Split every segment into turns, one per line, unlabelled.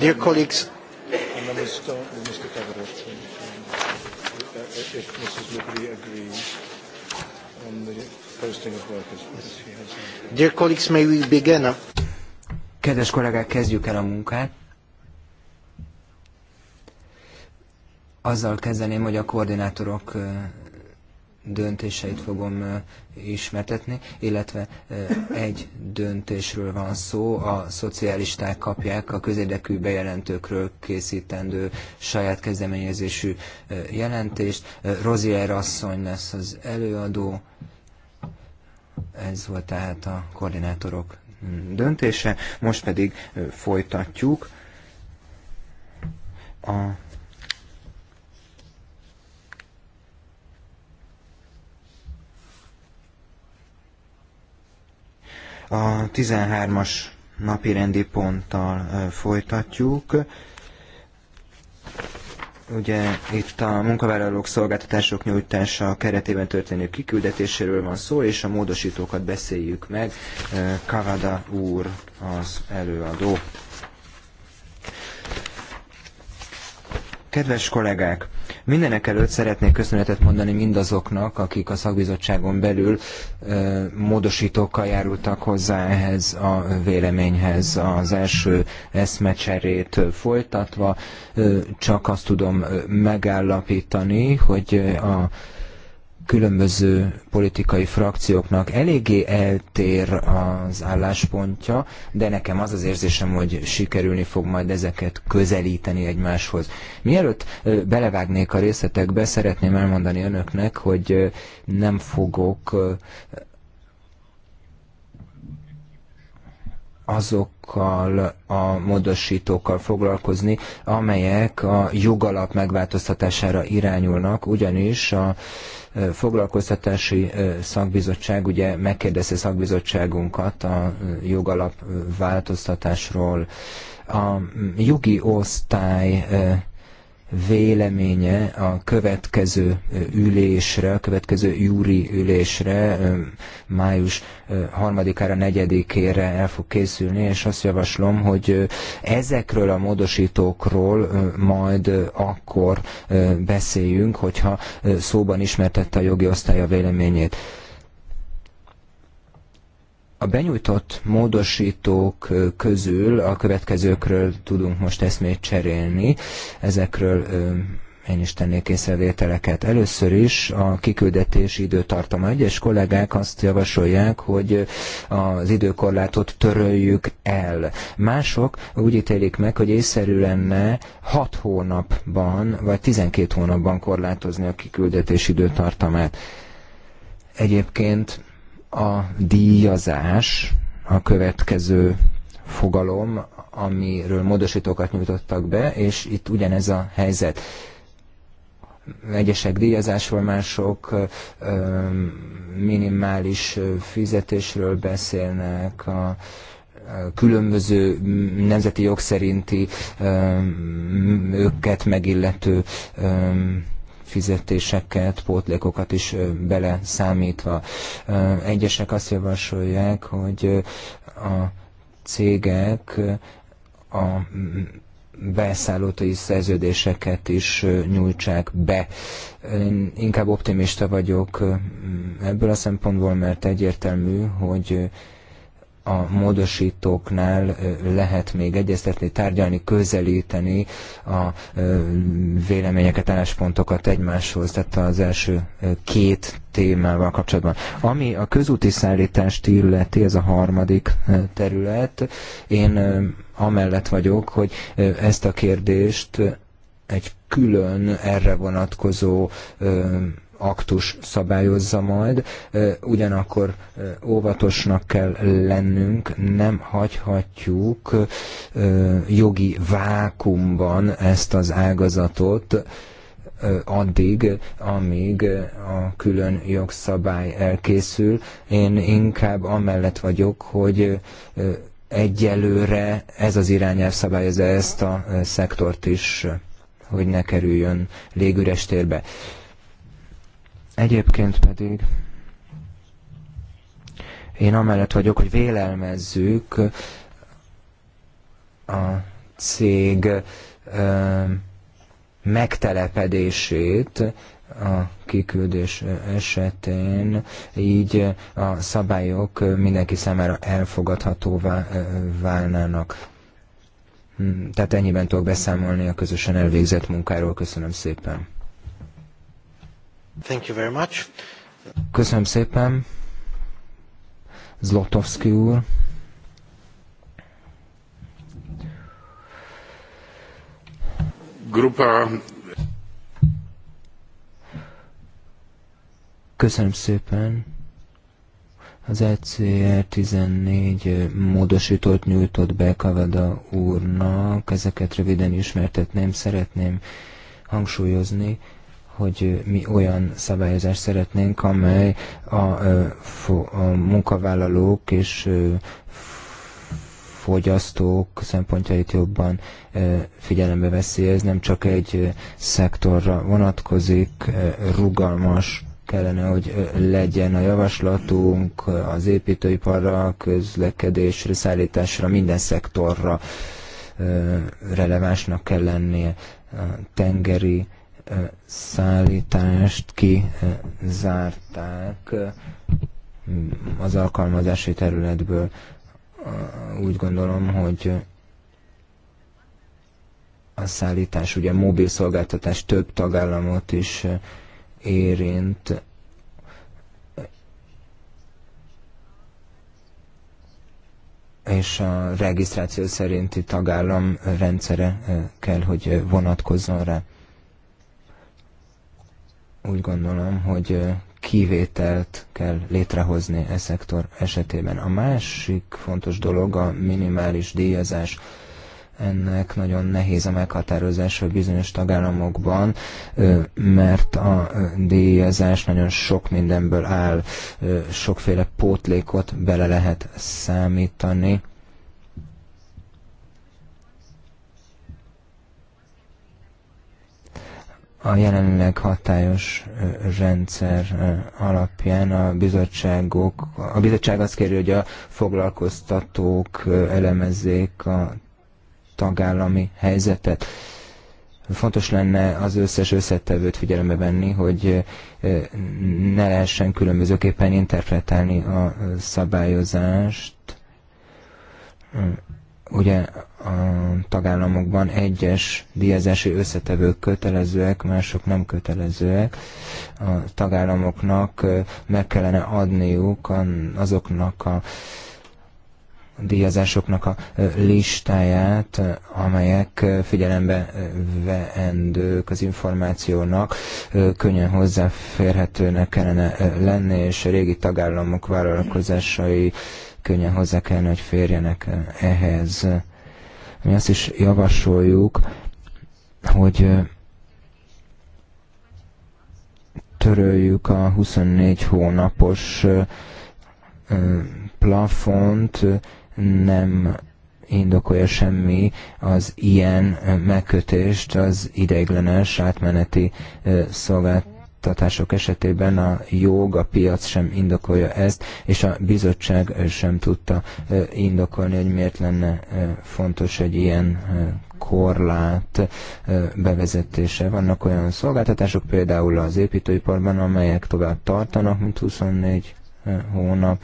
Dear colleagues,
Dear colleagues, may we begin? Kedves kollégák, kezdjük el a munkát. Azzal kezdeném, hogy a koordinátorok döntéseit fogom ismertetni, illetve egy döntésről van szó, a szocialisták kapják a közérdekű bejelentőkről készítendő saját kezdeményezésű jelentést. Rozier asszony lesz az előadó, ez volt tehát a koordinátorok mm, döntése, most pedig folytatjuk a A 13-as napi rendi ponttal folytatjuk. Ugye itt a munkavállalók szolgáltatások nyújtása keretében történő kiküldetéséről van szó, és a módosítókat beszéljük meg. Kavada úr az előadó. Kedves kollégák, mindenek előtt szeretnék köszönetet mondani mindazoknak, akik a szakbizottságon belül ö, módosítókkal járultak hozzá ehhez a véleményhez. Az első eszmecserét folytatva ö, csak azt tudom megállapítani, hogy a különböző politikai frakcióknak eléggé eltér az álláspontja, de nekem az az érzésem, hogy sikerülni fog majd ezeket közelíteni egymáshoz. Mielőtt belevágnék a részletekbe, szeretném elmondani önöknek, hogy nem fogok azokkal a módosítókkal foglalkozni, amelyek a jogalap megváltoztatására irányulnak, ugyanis a foglalkoztatási szakbizottság ugye megkérdezte szakbizottságunkat a jogalap változtatásról. A jogi osztály véleménye a következő ülésre, a következő júri ülésre, május harmadikára, negyedikére el fog készülni, és azt javaslom, hogy ezekről a módosítókról majd akkor beszéljünk, hogyha szóban ismertette a jogi osztály a véleményét. A benyújtott módosítók közül a következőkről tudunk most eszmét cserélni. Ezekről én is tennék észrevételeket. Először is a kiküldetési időtartama. Egyes kollégák azt javasolják, hogy az időkorlátot töröljük el. Mások úgy ítélik meg, hogy észszerű lenne 6 hónapban vagy 12 hónapban korlátozni a kiküldetési időtartamát. Egyébként a díjazás a következő fogalom, amiről módosítókat nyújtottak be, és itt ugyanez a helyzet. Egyesek díjazásról, mások minimális fizetésről beszélnek, a különböző nemzeti jog szerinti őket megillető fizetéseket, pótlékokat is bele számítva. Egyesek azt javasolják, hogy a cégek a beszállótai szerződéseket is nyújtsák be. Én inkább optimista vagyok ebből a szempontból, mert egyértelmű, hogy a módosítóknál lehet még egyeztetni, tárgyalni, közelíteni a véleményeket, álláspontokat egymáshoz, tehát az első két témával kapcsolatban. Ami a közúti szállítást illeti, ez a harmadik terület, én amellett vagyok, hogy ezt a kérdést egy külön erre vonatkozó aktus szabályozza majd, ugyanakkor óvatosnak kell lennünk, nem hagyhatjuk jogi vákumban ezt az ágazatot, addig, amíg a külön jogszabály elkészül. Én inkább amellett vagyok, hogy egyelőre ez az irányelv szabályozza ezt a szektort is, hogy ne kerüljön légüres térbe. Egyébként pedig én amellett vagyok, hogy vélelmezzük a cég megtelepedését a kiküldés esetén, így a szabályok mindenki számára elfogadhatóvá válnának. Hm, tehát ennyiben tudok beszámolni a közösen elvégzett munkáról. Köszönöm szépen. Köszönöm szépen. Zlotowski úr. Grupa. Köszönöm szépen. Az ECR 14 módosított nyújtott be Kavada úrnak. Ezeket röviden ismertetném, szeretném hangsúlyozni, hogy mi olyan szabályozást szeretnénk, amely a, a, munkavállalók és fogyasztók szempontjait jobban figyelembe veszi. Ez nem csak egy szektorra vonatkozik, rugalmas kellene, hogy legyen a javaslatunk az építőiparra, közlekedésre, szállításra, minden szektorra relevánsnak kell lennie a tengeri szállítást kizárták az alkalmazási területből. Úgy gondolom, hogy a szállítás, ugye mobil szolgáltatás több tagállamot is érint, és a regisztráció szerinti tagállam rendszere kell, hogy vonatkozzon rá úgy gondolom, hogy kivételt kell létrehozni e szektor esetében. A másik fontos dolog a minimális díjazás. Ennek nagyon nehéz a meghatározása bizonyos tagállamokban, mert a díjazás nagyon sok mindenből áll, sokféle pótlékot bele lehet számítani a jelenleg hatályos rendszer alapján a bizottságok, a bizottság azt kéri, hogy a foglalkoztatók elemezzék a tagállami helyzetet. Fontos lenne az összes összetevőt figyelembe venni, hogy ne lehessen különbözőképpen interpretálni a szabályozást. Ugye a tagállamokban egyes díjazási összetevők kötelezőek, mások nem kötelezőek. A tagállamoknak meg kellene adniuk azoknak a díjazásoknak a listáját, amelyek figyelembe veendők az információnak, könnyen hozzáférhetőnek kellene lenni, és a régi tagállamok vállalkozásai könnyen hozzá kellene, hogy férjenek ehhez mi azt is javasoljuk, hogy töröljük a 24 hónapos plafont, nem indokolja semmi az ilyen megkötést az ideiglenes átmeneti szolgáltatás szolgáltatások esetében a jog, a piac sem indokolja ezt, és a bizottság sem tudta indokolni, hogy miért lenne fontos egy ilyen korlát bevezetése. Vannak olyan szolgáltatások, például az építőiparban, amelyek tovább tartanak, mint 24 hónap,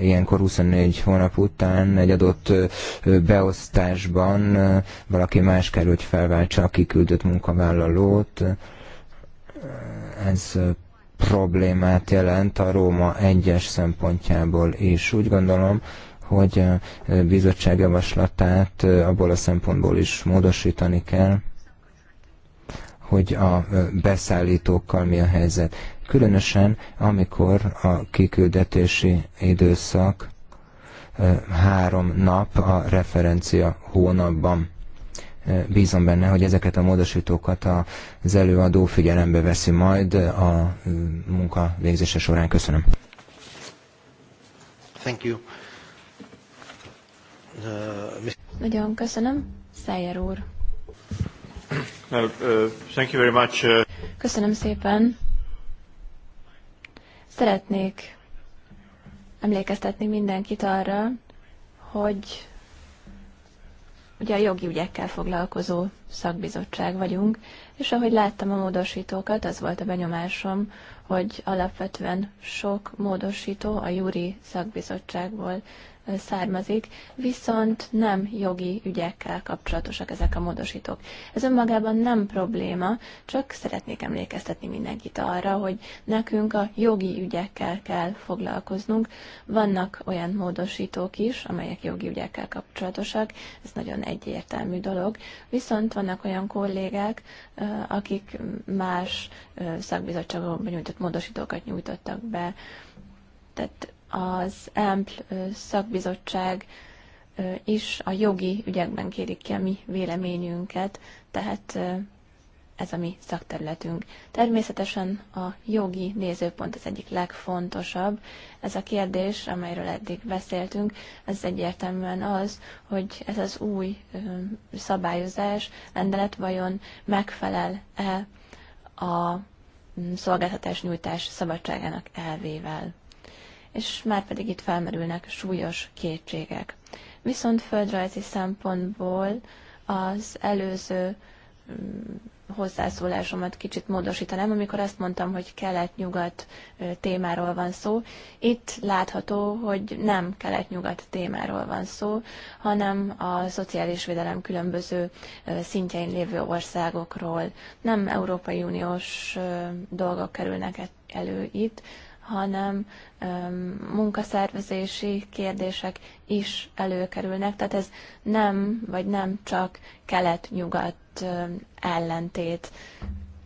ilyenkor 24 hónap után egy adott beosztásban valaki más kell, hogy felváltsa a kiküldött munkavállalót, ez problémát jelent a Róma egyes szempontjából is. Úgy gondolom, hogy a bizottság javaslatát abból a szempontból is módosítani kell, hogy a beszállítókkal mi a helyzet. Különösen, amikor a kiküldetési időszak három nap a referencia hónapban. Bízom benne, hogy ezeket a módosítókat az előadó figyelembe veszi majd a munka végzése során. Köszönöm. Thank you.
Uh, Nagyon köszönöm. Szájer úr. Well, uh, thank you very much. Uh, köszönöm szépen. Szeretnék emlékeztetni mindenkit arra, hogy Ugye a jogi ügyekkel foglalkozó szakbizottság vagyunk, és ahogy láttam a módosítókat, az volt a benyomásom, hogy alapvetően sok módosító a júri szakbizottságból származik, viszont nem jogi ügyekkel kapcsolatosak ezek a módosítók. Ez önmagában nem probléma, csak szeretnék emlékeztetni mindenkit arra, hogy nekünk a jogi ügyekkel kell foglalkoznunk. Vannak olyan módosítók is, amelyek jogi ügyekkel kapcsolatosak, ez nagyon egyértelmű dolog, viszont vannak olyan kollégák, akik más szakbizottságokban nyújtott módosítókat nyújtottak be, tehát az EMP szakbizottság is a jogi ügyekben kérik ki a mi véleményünket, tehát ez a mi szakterületünk. Természetesen a jogi nézőpont az egyik legfontosabb. Ez a kérdés, amelyről eddig beszéltünk, ez egyértelműen az, hogy ez az új szabályozás, rendelet vajon megfelel-e a mm, szolgáltatás nyújtás szabadságának elvével és már pedig itt felmerülnek súlyos kétségek. Viszont földrajzi szempontból az előző mm, hozzászólásomat kicsit módosítanám, amikor azt mondtam, hogy kelet-nyugat témáról van szó. Itt látható, hogy nem kelet-nyugat témáról van szó, hanem a szociális védelem különböző szintjein lévő országokról. Nem Európai Uniós dolgok kerülnek e- elő itt, hanem munkaszervezési kérdések is előkerülnek. Tehát ez nem, vagy nem csak kelet-nyugat ellentét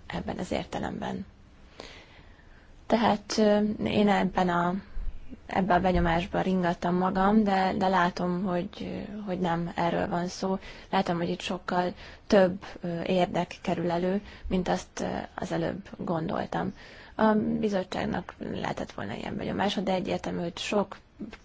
ebben az értelemben. Tehát én ebben a, ebben a benyomásban ringattam magam, de, de látom, hogy, hogy nem erről van szó. Látom, hogy itt sokkal több érdek kerül elő, mint azt az előbb gondoltam. A bizottságnak lehetett volna ilyen vagy a másod, de egyértelmű, hogy sok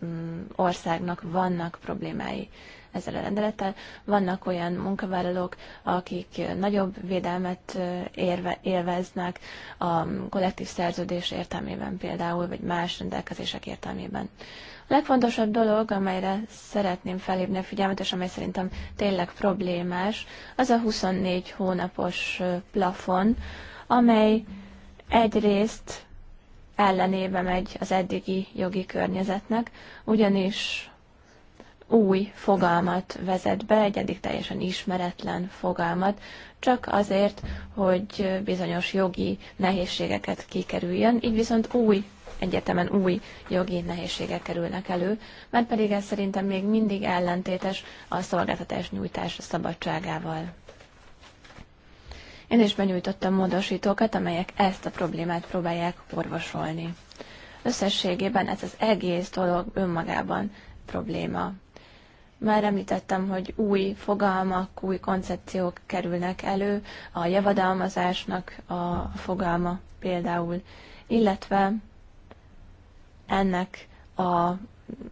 mm, országnak vannak problémái ezzel a rendelettel. Vannak olyan munkavállalók, akik nagyobb védelmet érve, élveznek a kollektív szerződés értelmében például, vagy más rendelkezések értelmében. A legfontosabb dolog, amelyre szeretném felhívni a figyelmet, és amely szerintem tényleg problémás, az a 24 hónapos plafon, amely egyrészt ellenébe megy az eddigi jogi környezetnek, ugyanis új fogalmat vezet be, egy eddig teljesen ismeretlen fogalmat, csak azért, hogy bizonyos jogi nehézségeket kikerüljön, így viszont új, egyetemen új jogi nehézségek kerülnek elő, mert pedig ez szerintem még mindig ellentétes a szolgáltatás nyújtása szabadságával. Én is benyújtottam módosítókat, amelyek ezt a problémát próbálják orvosolni. Összességében ez az egész dolog önmagában probléma. Már említettem, hogy új fogalmak, új koncepciók kerülnek elő, a javadalmazásnak a fogalma például, illetve ennek a,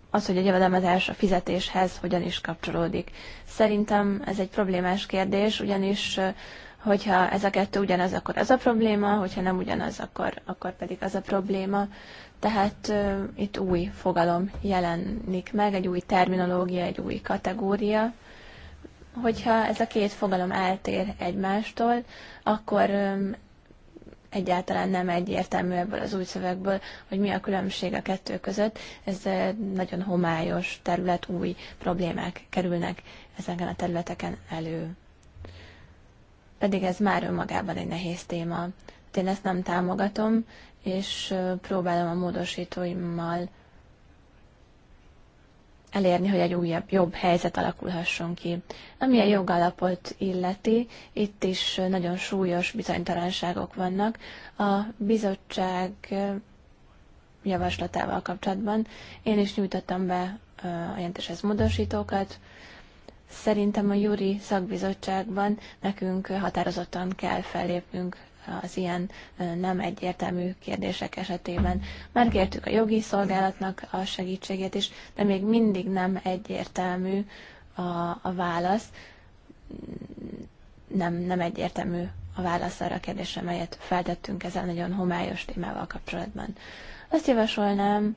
az, hogy a javadalmazás a fizetéshez hogyan is kapcsolódik. Szerintem ez egy problémás kérdés, ugyanis Hogyha ez a kettő ugyanaz, akkor az a probléma, hogyha nem ugyanaz, akkor, akkor pedig az a probléma. Tehát uh, itt új fogalom jelenik meg, egy új terminológia, egy új kategória. Hogyha ez a két fogalom eltér egymástól, akkor um, egyáltalán nem egyértelmű ebből az új szövegből, hogy mi a különbség a kettő között. Ez nagyon homályos terület, új problémák kerülnek ezeken a területeken elő pedig ez már önmagában egy nehéz téma. Én ezt nem támogatom, és próbálom a módosítóimmal elérni, hogy egy újabb, jobb helyzet alakulhasson ki. Ami a jogalapot illeti, itt is nagyon súlyos bizonytalanságok vannak. A bizottság javaslatával kapcsolatban én is nyújtottam be a jelentéshez módosítókat, Szerintem a Júri szakbizottságban nekünk határozottan kell fellépnünk az ilyen nem egyértelmű kérdések esetében. Már kértük a jogi szolgálatnak a segítségét is, de még mindig nem egyértelmű a, a válasz. Nem, nem egyértelmű a válasz arra a kérdésre, melyet feltettünk ezzel nagyon homályos témával kapcsolatban. Azt javasolnám,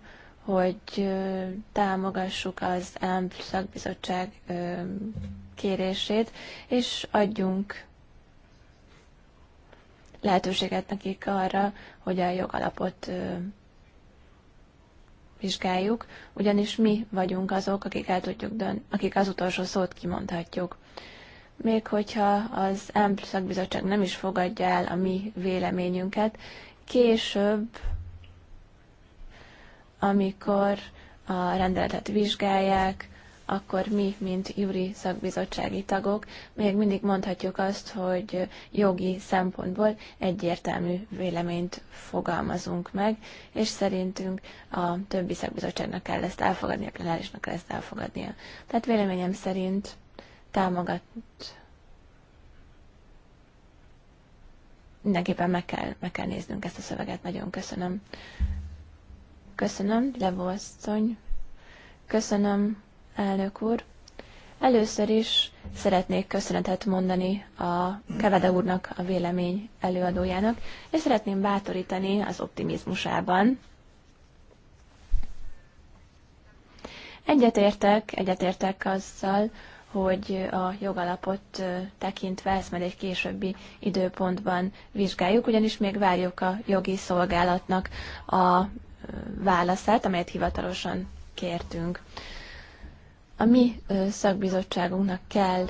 hogy támogassuk az AMP szakbizottság kérését, és adjunk lehetőséget nekik arra, hogy a jogalapot vizsgáljuk, ugyanis mi vagyunk azok, akik, el tudjuk dönt, akik az utolsó szót kimondhatjuk. Még hogyha az AMP szakbizottság nem is fogadja el a mi véleményünket, később amikor a rendeletet vizsgálják, akkor mi, mint júri szakbizottsági tagok, még mindig mondhatjuk azt, hogy jogi szempontból egyértelmű véleményt fogalmazunk meg, és szerintünk a többi szakbizottságnak kell ezt elfogadni, a plenárisnak kell ezt elfogadnia. Tehát véleményem szerint támogat mindenképpen meg kell, meg kell néznünk ezt a szöveget. Nagyon köszönöm. Köszönöm, Levolszony. Köszönöm, elnök úr. Először is szeretnék köszönetet mondani a Kevede úrnak, a vélemény előadójának, és szeretném bátorítani az optimizmusában. Egyetértek, egyetértek azzal, hogy a jogalapot tekintve ezt majd egy későbbi időpontban vizsgáljuk, ugyanis még várjuk a jogi szolgálatnak a válaszát, amelyet hivatalosan kértünk. A mi szakbizottságunknak kell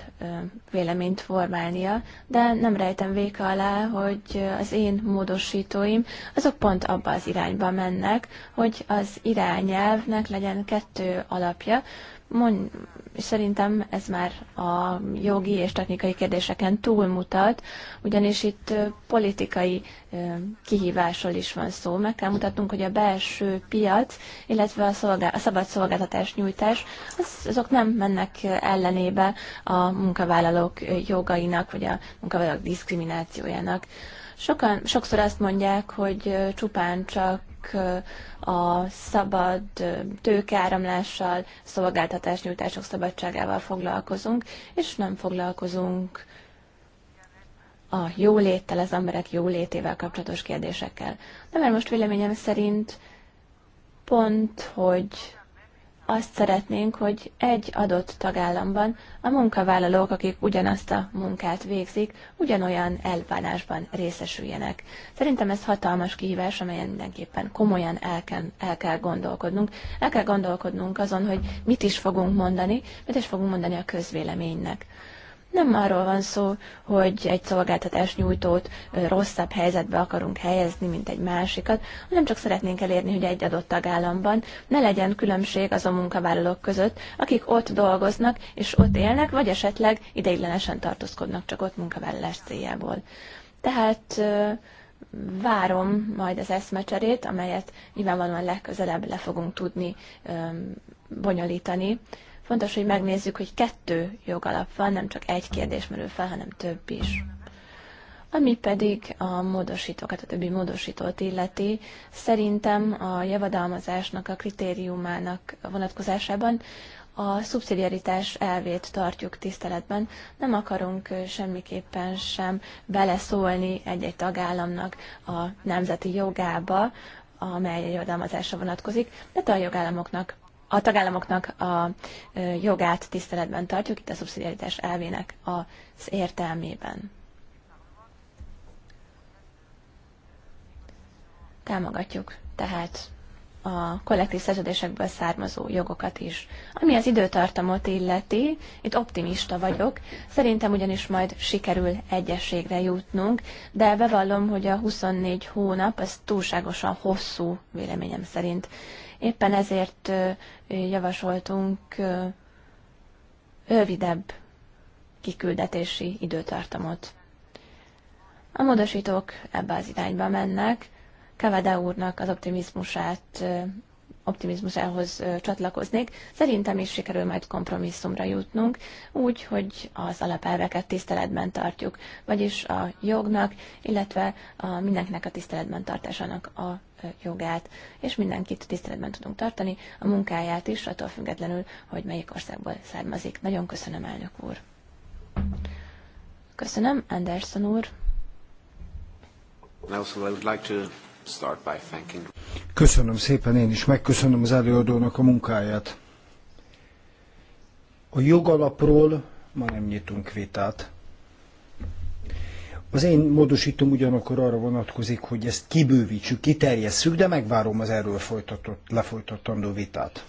véleményt formálnia, de nem rejtem véka alá, hogy az én módosítóim azok pont abba az irányba mennek, hogy az irányelvnek legyen kettő alapja, Mond, szerintem ez már a jogi és technikai kérdéseken túlmutat, ugyanis itt politikai kihívásról is van szó. Meg kell mutatnunk, hogy a belső piac, illetve a, szolgál, a szabad szolgáltatás nyújtás, az, azok nem mennek ellenébe a munkavállalók jogainak, vagy a munkavállalók diszkriminációjának. Sokan, sokszor azt mondják, hogy csupán csak a szabad tőkeáramlással, nyújtások szabadságával foglalkozunk, és nem foglalkozunk a jóléttel, az emberek jólétével kapcsolatos kérdésekkel. De mert most véleményem szerint pont, hogy azt szeretnénk, hogy egy adott tagállamban a munkavállalók, akik ugyanazt a munkát végzik, ugyanolyan elbánásban részesüljenek. Szerintem ez hatalmas kihívás, amelyen mindenképpen komolyan el kell, el kell gondolkodnunk. El kell gondolkodnunk azon, hogy mit is fogunk mondani, mit is fogunk mondani a közvéleménynek. Nem arról van szó, hogy egy szolgáltatás nyújtót rosszabb helyzetbe akarunk helyezni, mint egy másikat, hanem csak szeretnénk elérni, hogy egy adott tagállamban ne legyen különbség azon munkavállalók között, akik ott dolgoznak és ott élnek, vagy esetleg ideiglenesen tartózkodnak csak ott munkavállalás céljából. Tehát várom majd az eszmecserét, amelyet nyilvánvalóan legközelebb le fogunk tudni bonyolítani Fontos, hogy megnézzük, hogy kettő jogalap van, nem csak egy kérdés merül fel, hanem több is. Ami pedig a módosítókat, a többi módosítót illeti, szerintem a javadalmazásnak a kritériumának vonatkozásában a szubszidiaritás elvét tartjuk tiszteletben. Nem akarunk semmiképpen sem beleszólni egy-egy tagállamnak a nemzeti jogába, amely javadalmazásra vonatkozik, de a jogállamoknak a tagállamoknak a jogát tiszteletben tartjuk, itt a szubszidiaritás elvének az értelmében. Támogatjuk tehát a kollektív szerződésekből származó jogokat is. Ami az időtartamot illeti, itt optimista vagyok, szerintem ugyanis majd sikerül egyességre jutnunk, de bevallom, hogy a 24 hónap az túlságosan hosszú véleményem szerint. Éppen ezért javasoltunk rövidebb kiküldetési időtartamot. A módosítók ebbe az irányba mennek. Kavada úrnak az optimizmusát, optimizmusához csatlakoznék. Szerintem is sikerül majd kompromisszumra jutnunk, úgy, hogy az alapelveket tiszteletben tartjuk, vagyis a jognak, illetve a mindenkinek a tiszteletben tartásának a jogát, és mindenkit tiszteletben tudunk tartani, a munkáját is, attól függetlenül, hogy melyik országból származik. Nagyon köszönöm, elnök úr. Köszönöm, Anderson úr.
Köszönöm szépen, én is megköszönöm az előadónak a munkáját. A jogalapról ma nem nyitunk vitát, az én módosítom ugyanakkor arra vonatkozik, hogy ezt kibővítsük, kiterjesszük, de megvárom az erről folytatott, lefolytatandó vitát.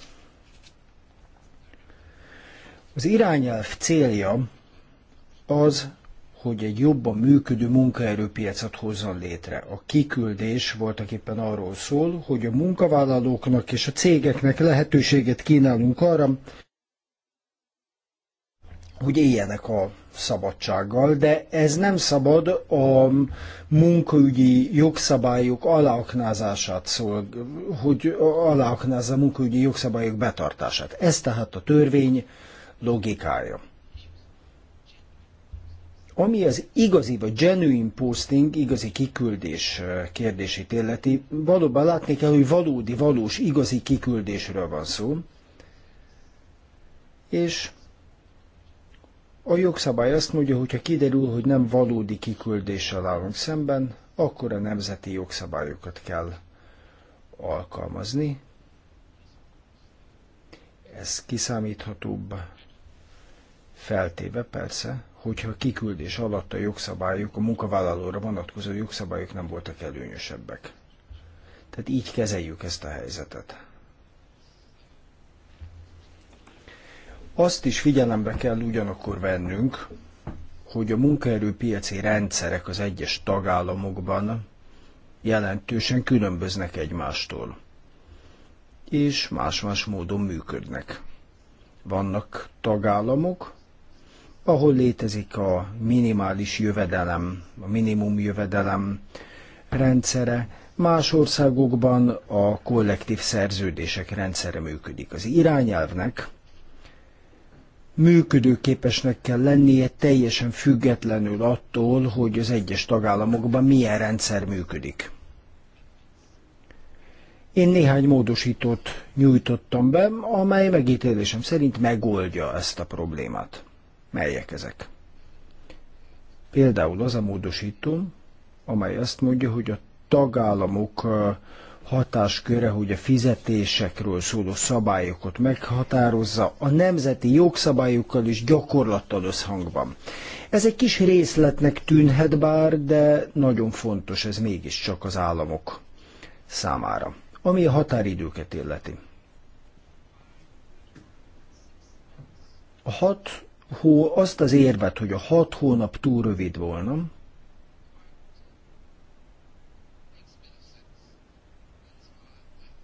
Az irányelv célja az, hogy egy jobban működő munkaerőpiacot hozzon létre. A kiküldés voltak éppen arról szól, hogy a munkavállalóknak és a cégeknek lehetőséget kínálunk arra, hogy éljenek a szabadsággal, de ez nem szabad a munkaügyi jogszabályok aláaknázását szól, hogy aláaknázza a munkaügyi jogszabályok betartását. Ez tehát a törvény logikája. Ami az igazi vagy genuine posting, igazi kiküldés eh, kérdését illeti, valóban látni kell, hogy valódi, valós, igazi kiküldésről van szó. És a jogszabály azt mondja, hogy ha kiderül, hogy nem valódi kiküldéssel állunk szemben, akkor a nemzeti jogszabályokat kell alkalmazni. Ez kiszámíthatóbb feltéve persze, hogyha a kiküldés alatt a jogszabályok, a munkavállalóra vonatkozó jogszabályok nem voltak előnyösebbek. Tehát így kezeljük ezt a helyzetet. Azt is figyelembe kell ugyanakkor vennünk, hogy a munkaerőpiaci rendszerek az egyes tagállamokban jelentősen különböznek egymástól, és más-más módon működnek. Vannak tagállamok, ahol létezik a minimális jövedelem, a minimum jövedelem rendszere, más országokban a kollektív szerződések rendszere működik. Az irányelvnek működőképesnek kell lennie teljesen függetlenül attól, hogy az egyes tagállamokban milyen rendszer működik. Én néhány módosítót nyújtottam be, amely megítélésem szerint megoldja ezt a problémát. Melyek ezek? Például az a módosító, amely azt mondja, hogy a tagállamok hatásköre, hogy a fizetésekről szóló szabályokat meghatározza a nemzeti jogszabályokkal is gyakorlattal összhangban. Ez egy kis részletnek tűnhet bár, de nagyon fontos ez mégiscsak az államok számára, ami a határidőket illeti. A hat hó, azt az érvet, hogy a hat hónap túl rövid volna,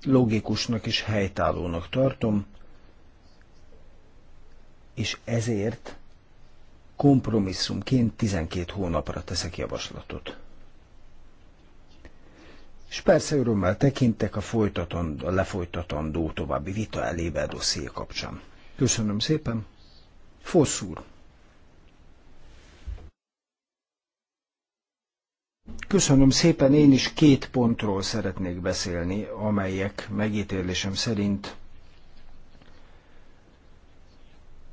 logikusnak és helytállónak tartom, és ezért kompromisszumként 12 hónapra teszek javaslatot. És persze örömmel tekintek a, folytatandó, a lefolytatandó további vita elébe a dosszié kapcsán. Köszönöm szépen. Fosszúr. Köszönöm szépen, én is két pontról szeretnék beszélni, amelyek megítélésem szerint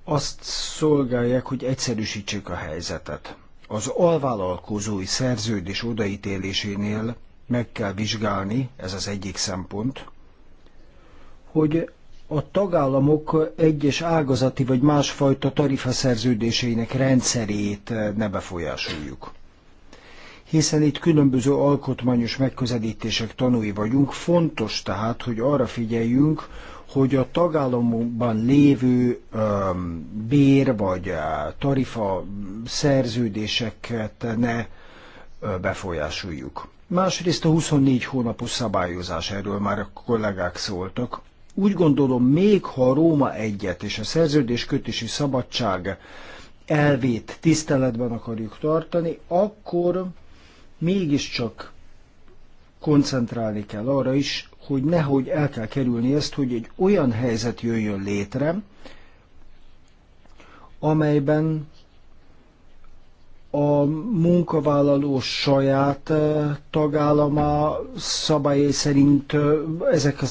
azt szolgálják, hogy egyszerűsítsék a helyzetet. Az alvállalkozói szerződés odaítélésénél meg kell vizsgálni, ez az egyik szempont, hogy a tagállamok egyes ágazati vagy másfajta szerződéseinek rendszerét ne befolyásoljuk hiszen itt különböző alkotmányos megközelítések tanúi vagyunk. Fontos tehát, hogy arra figyeljünk, hogy a tagállamokban lévő um, bér vagy tarifa szerződéseket ne befolyásoljuk. Másrészt a 24 hónapos szabályozás, erről már a kollégák szóltak. Úgy gondolom, még ha a Róma egyet és a szerződés kötési szabadság elvét tiszteletben akarjuk tartani, akkor mégiscsak koncentrálni kell arra is, hogy nehogy el kell kerülni ezt, hogy egy olyan helyzet jöjjön létre, amelyben a munkavállaló saját tagállama szabályai szerint ezek a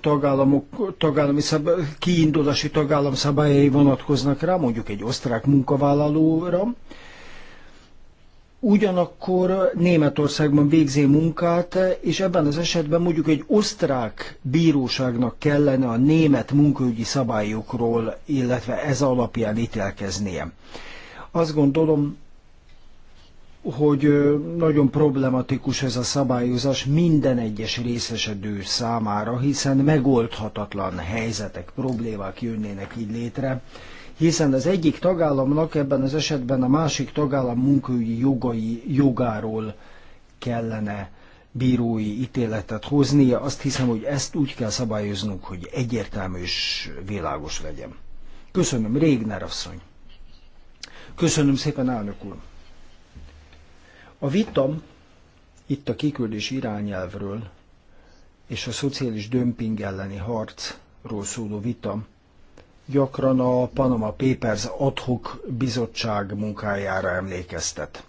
tagállamok, tagállami szab, kiindulási tagállam szabályai vonatkoznak rá, mondjuk egy osztrák munkavállalóra, ugyanakkor Németországban végzi munkát, és ebben az esetben mondjuk egy osztrák bíróságnak kellene a német munkaügyi szabályokról, illetve ez alapján ítélkeznie. Azt gondolom, hogy nagyon problematikus ez a szabályozás minden egyes részesedő számára, hiszen megoldhatatlan helyzetek, problémák jönnének így létre hiszen az egyik tagállamnak ebben az esetben a másik tagállam munkaügyi jogai, jogáról kellene bírói ítéletet hoznia. Azt hiszem, hogy ezt úgy kell szabályoznunk, hogy egyértelmű és világos legyen. Köszönöm, Régner asszony. Köszönöm szépen, elnök úr. A vitam itt a kiküldés irányelvről és a szociális dömping elleni harcról szóló vitam gyakran a Panama Papers adhok bizottság munkájára emlékeztet.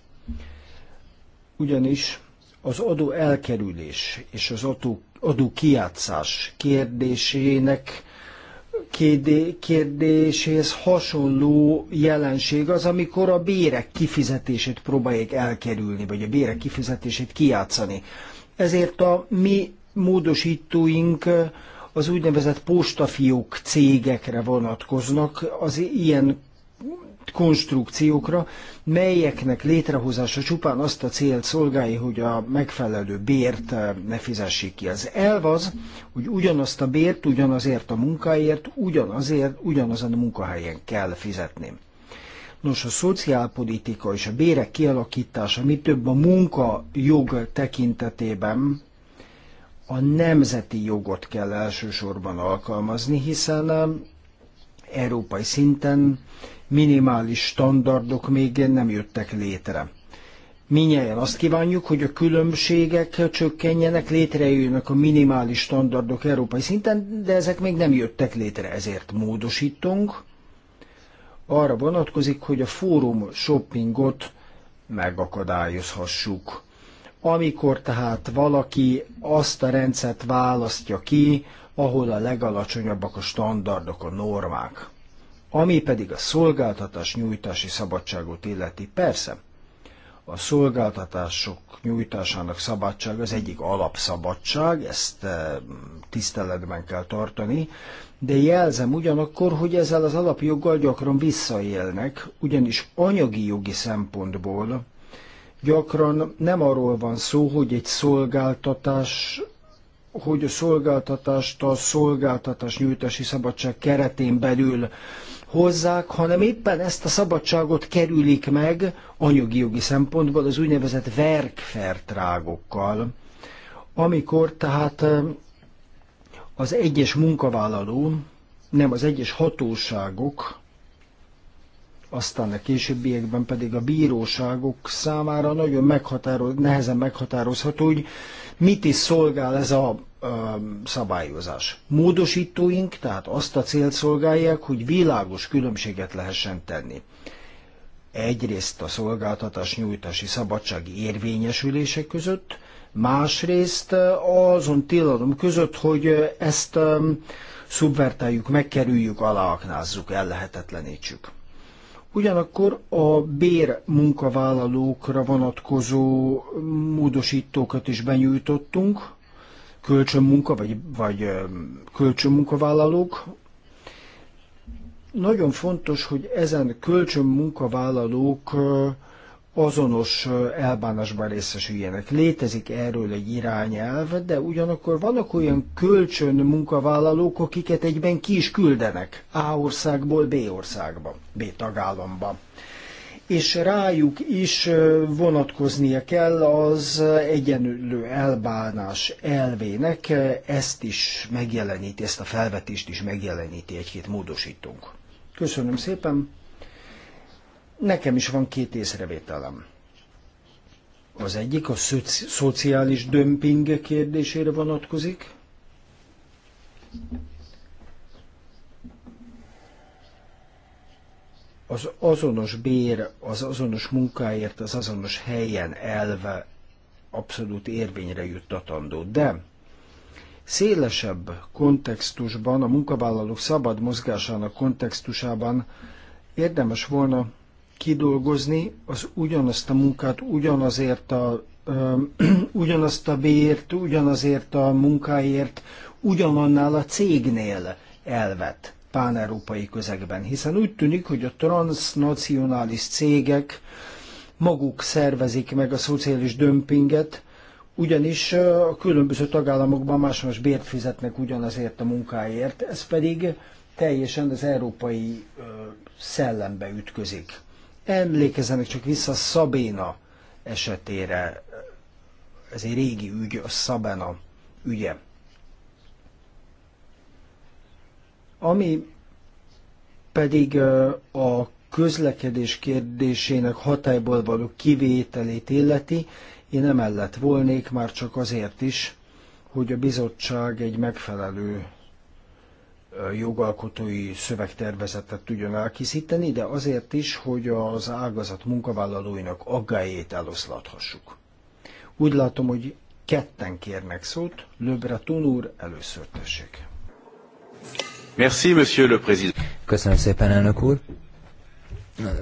Ugyanis az adó elkerülés és az adó, adó kiátszás kérdésének kérdéséhez hasonló jelenség az, amikor a bérek kifizetését próbálják elkerülni, vagy a bérek kifizetését kiátszani. Ezért a mi módosítóink az úgynevezett postafiók cégekre vonatkoznak, az ilyen konstrukciókra, melyeknek létrehozása csupán azt a célt szolgálja, hogy a megfelelő bért eh, ne fizessék ki. Az elv az, hogy ugyanazt a bért, ugyanazért a munkáért, ugyanazért, ugyanazon a munkahelyen kell fizetni. Nos, a szociálpolitika és a bérek kialakítása, mi több a munkajog tekintetében, a nemzeti jogot kell elsősorban alkalmazni, hiszen um, európai szinten minimális standardok még nem jöttek létre. Minnyáján azt kívánjuk, hogy a különbségek csökkenjenek, létrejönnek a minimális standardok európai szinten, de ezek még nem jöttek létre, ezért módosítunk. Arra vonatkozik, hogy a fórum shoppingot megakadályozhassuk. Amikor tehát valaki azt a rendszert választja ki, ahol a legalacsonyabbak a standardok, a normák. Ami pedig a szolgáltatás nyújtási szabadságot illeti, persze, a szolgáltatások nyújtásának szabadság az egyik alapszabadság, ezt eh, tiszteletben kell tartani, de jelzem ugyanakkor, hogy ezzel az alapjoggal gyakran visszaélnek, ugyanis anyagi jogi szempontból Gyakran nem arról van szó, hogy egy szolgáltatás hogy a szolgáltatást a szolgáltatás nyújtási szabadság keretén belül hozzák, hanem éppen ezt a szabadságot kerülik meg anyagi jogi szempontból az úgynevezett verkfertrágokkal, amikor tehát az egyes munkavállaló, nem az egyes hatóságok aztán a későbbiekben pedig a bíróságok számára nagyon meghatároz, nehezen meghatározható, hogy mit is szolgál ez a ö, szabályozás. Módosítóink tehát azt a célt szolgálják, hogy világos különbséget lehessen tenni. Egyrészt a szolgáltatás nyújtási szabadsági érvényesülése között, másrészt azon tilalom között, hogy ezt ö, um, szubvertáljuk, megkerüljük, aláaknázzuk, ellehetetlenítsük. Ugyanakkor a bér munkavállalókra vonatkozó módosítókat is benyújtottunk, kölcsönmunka vagy, vagy kölcsönmunkavállalók. Nagyon fontos, hogy ezen kölcsönmunkavállalók munkavállalók azonos elbánásban részesüljenek. Létezik erről egy irányelv, de ugyanakkor vannak olyan kölcsön munkavállalók, akiket egyben ki is küldenek A országból B országba, B tagállamba. És rájuk is vonatkoznia kell az egyenlő elbánás elvének, ezt is megjeleníti, ezt a felvetést is megjeleníti egy-két módosítunk. Köszönöm szépen! Nekem is van két észrevételem. Az egyik a szoci szociális dömping kérdésére vonatkozik. Az azonos bér, az azonos munkáért, az azonos helyen elve abszolút érvényre juttatandó. De szélesebb kontextusban, a munkavállalók szabad mozgásának kontextusában érdemes volna kidolgozni az ugyanazt a munkát, ugyanazért a ö, ugyanazt a bért, ugyanazért a munkáért, ugyanannál a cégnél elvet páneurópai közegben, hiszen úgy tűnik, hogy a transnacionális cégek maguk szervezik meg a szociális dömpinget, ugyanis a különböző tagállamokban más-más bért fizetnek ugyanazért a munkáért, ez pedig teljesen az európai szellembe ütközik. Emlékezzenek csak vissza Szabéna esetére, ez egy régi ügy, a Szabena ügye. Ami pedig a közlekedés kérdésének hatályból való kivételét illeti, én emellett volnék már csak azért is, hogy a bizottság egy megfelelő jogalkotói szövegtervezetet tudjon elkészíteni, de azért is, hogy az ágazat munkavállalóinak aggájét eloszlathassuk. Úgy látom, hogy ketten kérnek szót. Löbre úr, először tessék.
Merci, monsieur le président. Köszönöm szépen, elnök úr.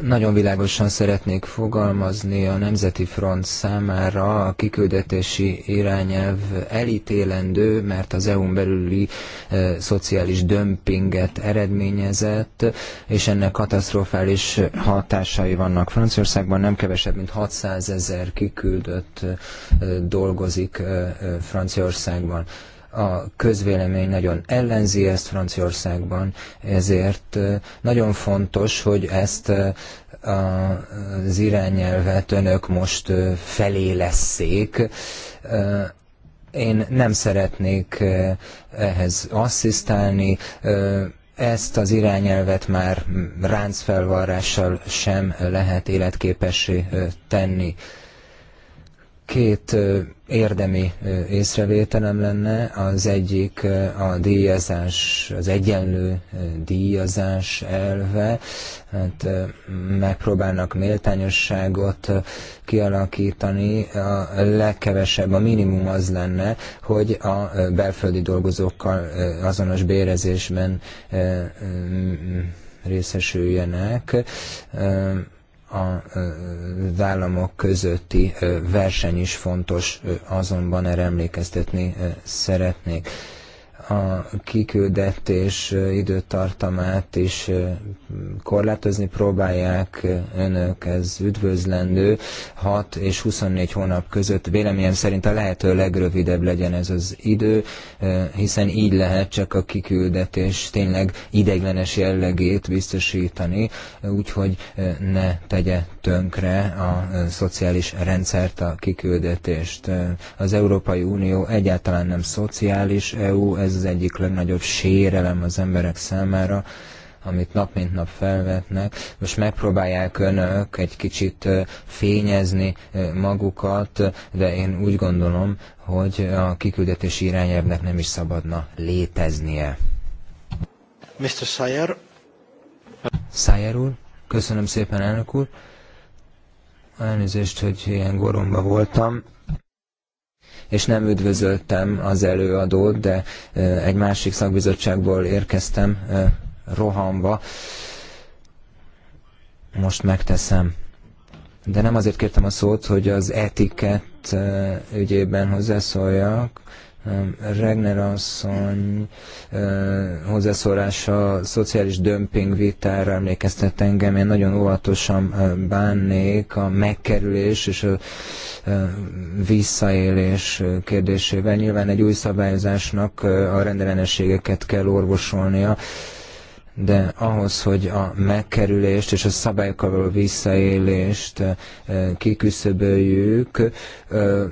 Nagyon világosan szeretnék fogalmazni a Nemzeti Front számára a kiküldetési irányelv elítélendő, mert az EU-n belüli e, szociális dömpinget eredményezett, és ennek katasztrofális hatásai vannak. Franciaországban nem kevesebb, mint 600 ezer kiküldött e, dolgozik e, e Franciaországban. A közvélemény nagyon ellenzi ezt Franciaországban, ezért nagyon fontos, hogy ezt az irányelvet önök most leszék. Én nem szeretnék ehhez asszisztálni, ezt az irányelvet már ráncfelvarrással sem lehet életképessé tenni. Két érdemi észrevételem lenne, az egyik a díjazás, az egyenlő díjazás elve, hát megpróbálnak méltányosságot kialakítani, a legkevesebb, a minimum az lenne, hogy a belföldi dolgozókkal azonos bérezésben részesüljenek az államok közötti verseny is fontos, azonban erre emlékeztetni szeretnék a kiküldetés időtartamát is korlátozni próbálják önök, ez üdvözlendő. 6 és 24 hónap között véleményem szerint a lehető legrövidebb legyen ez az idő, hiszen így lehet csak a kiküldetés tényleg ideiglenes jellegét biztosítani, úgyhogy ne tegye tönkre a szociális rendszert, a kiküldetést. Az Európai Unió egyáltalán nem szociális EU, ez ez az egyik legnagyobb sérelem az emberek számára, amit nap mint nap felvetnek. Most megpróbálják önök egy kicsit fényezni magukat, de én úgy gondolom, hogy a kiküldetési irányelvnek nem is szabadna léteznie.
Mr. Sayer.
Sayer úr, köszönöm szépen elnök úr. Elnézést, hogy ilyen goromba voltam és nem üdvözöltem az előadót, de egy másik szakbizottságból érkeztem rohamba. Most megteszem. De nem azért kértem a szót, hogy az etiket ügyében hozzászóljak, Regner asszony hozzászólása a szociális dömping vitára emlékeztet engem. Én nagyon óvatosan bánnék a megkerülés és a visszaélés kérdésével. Nyilván egy új szabályozásnak a rendellenességeket kell orvosolnia de ahhoz, hogy a megkerülést és a szabályokkal való visszaélést eh, kiküszöböljük, eh,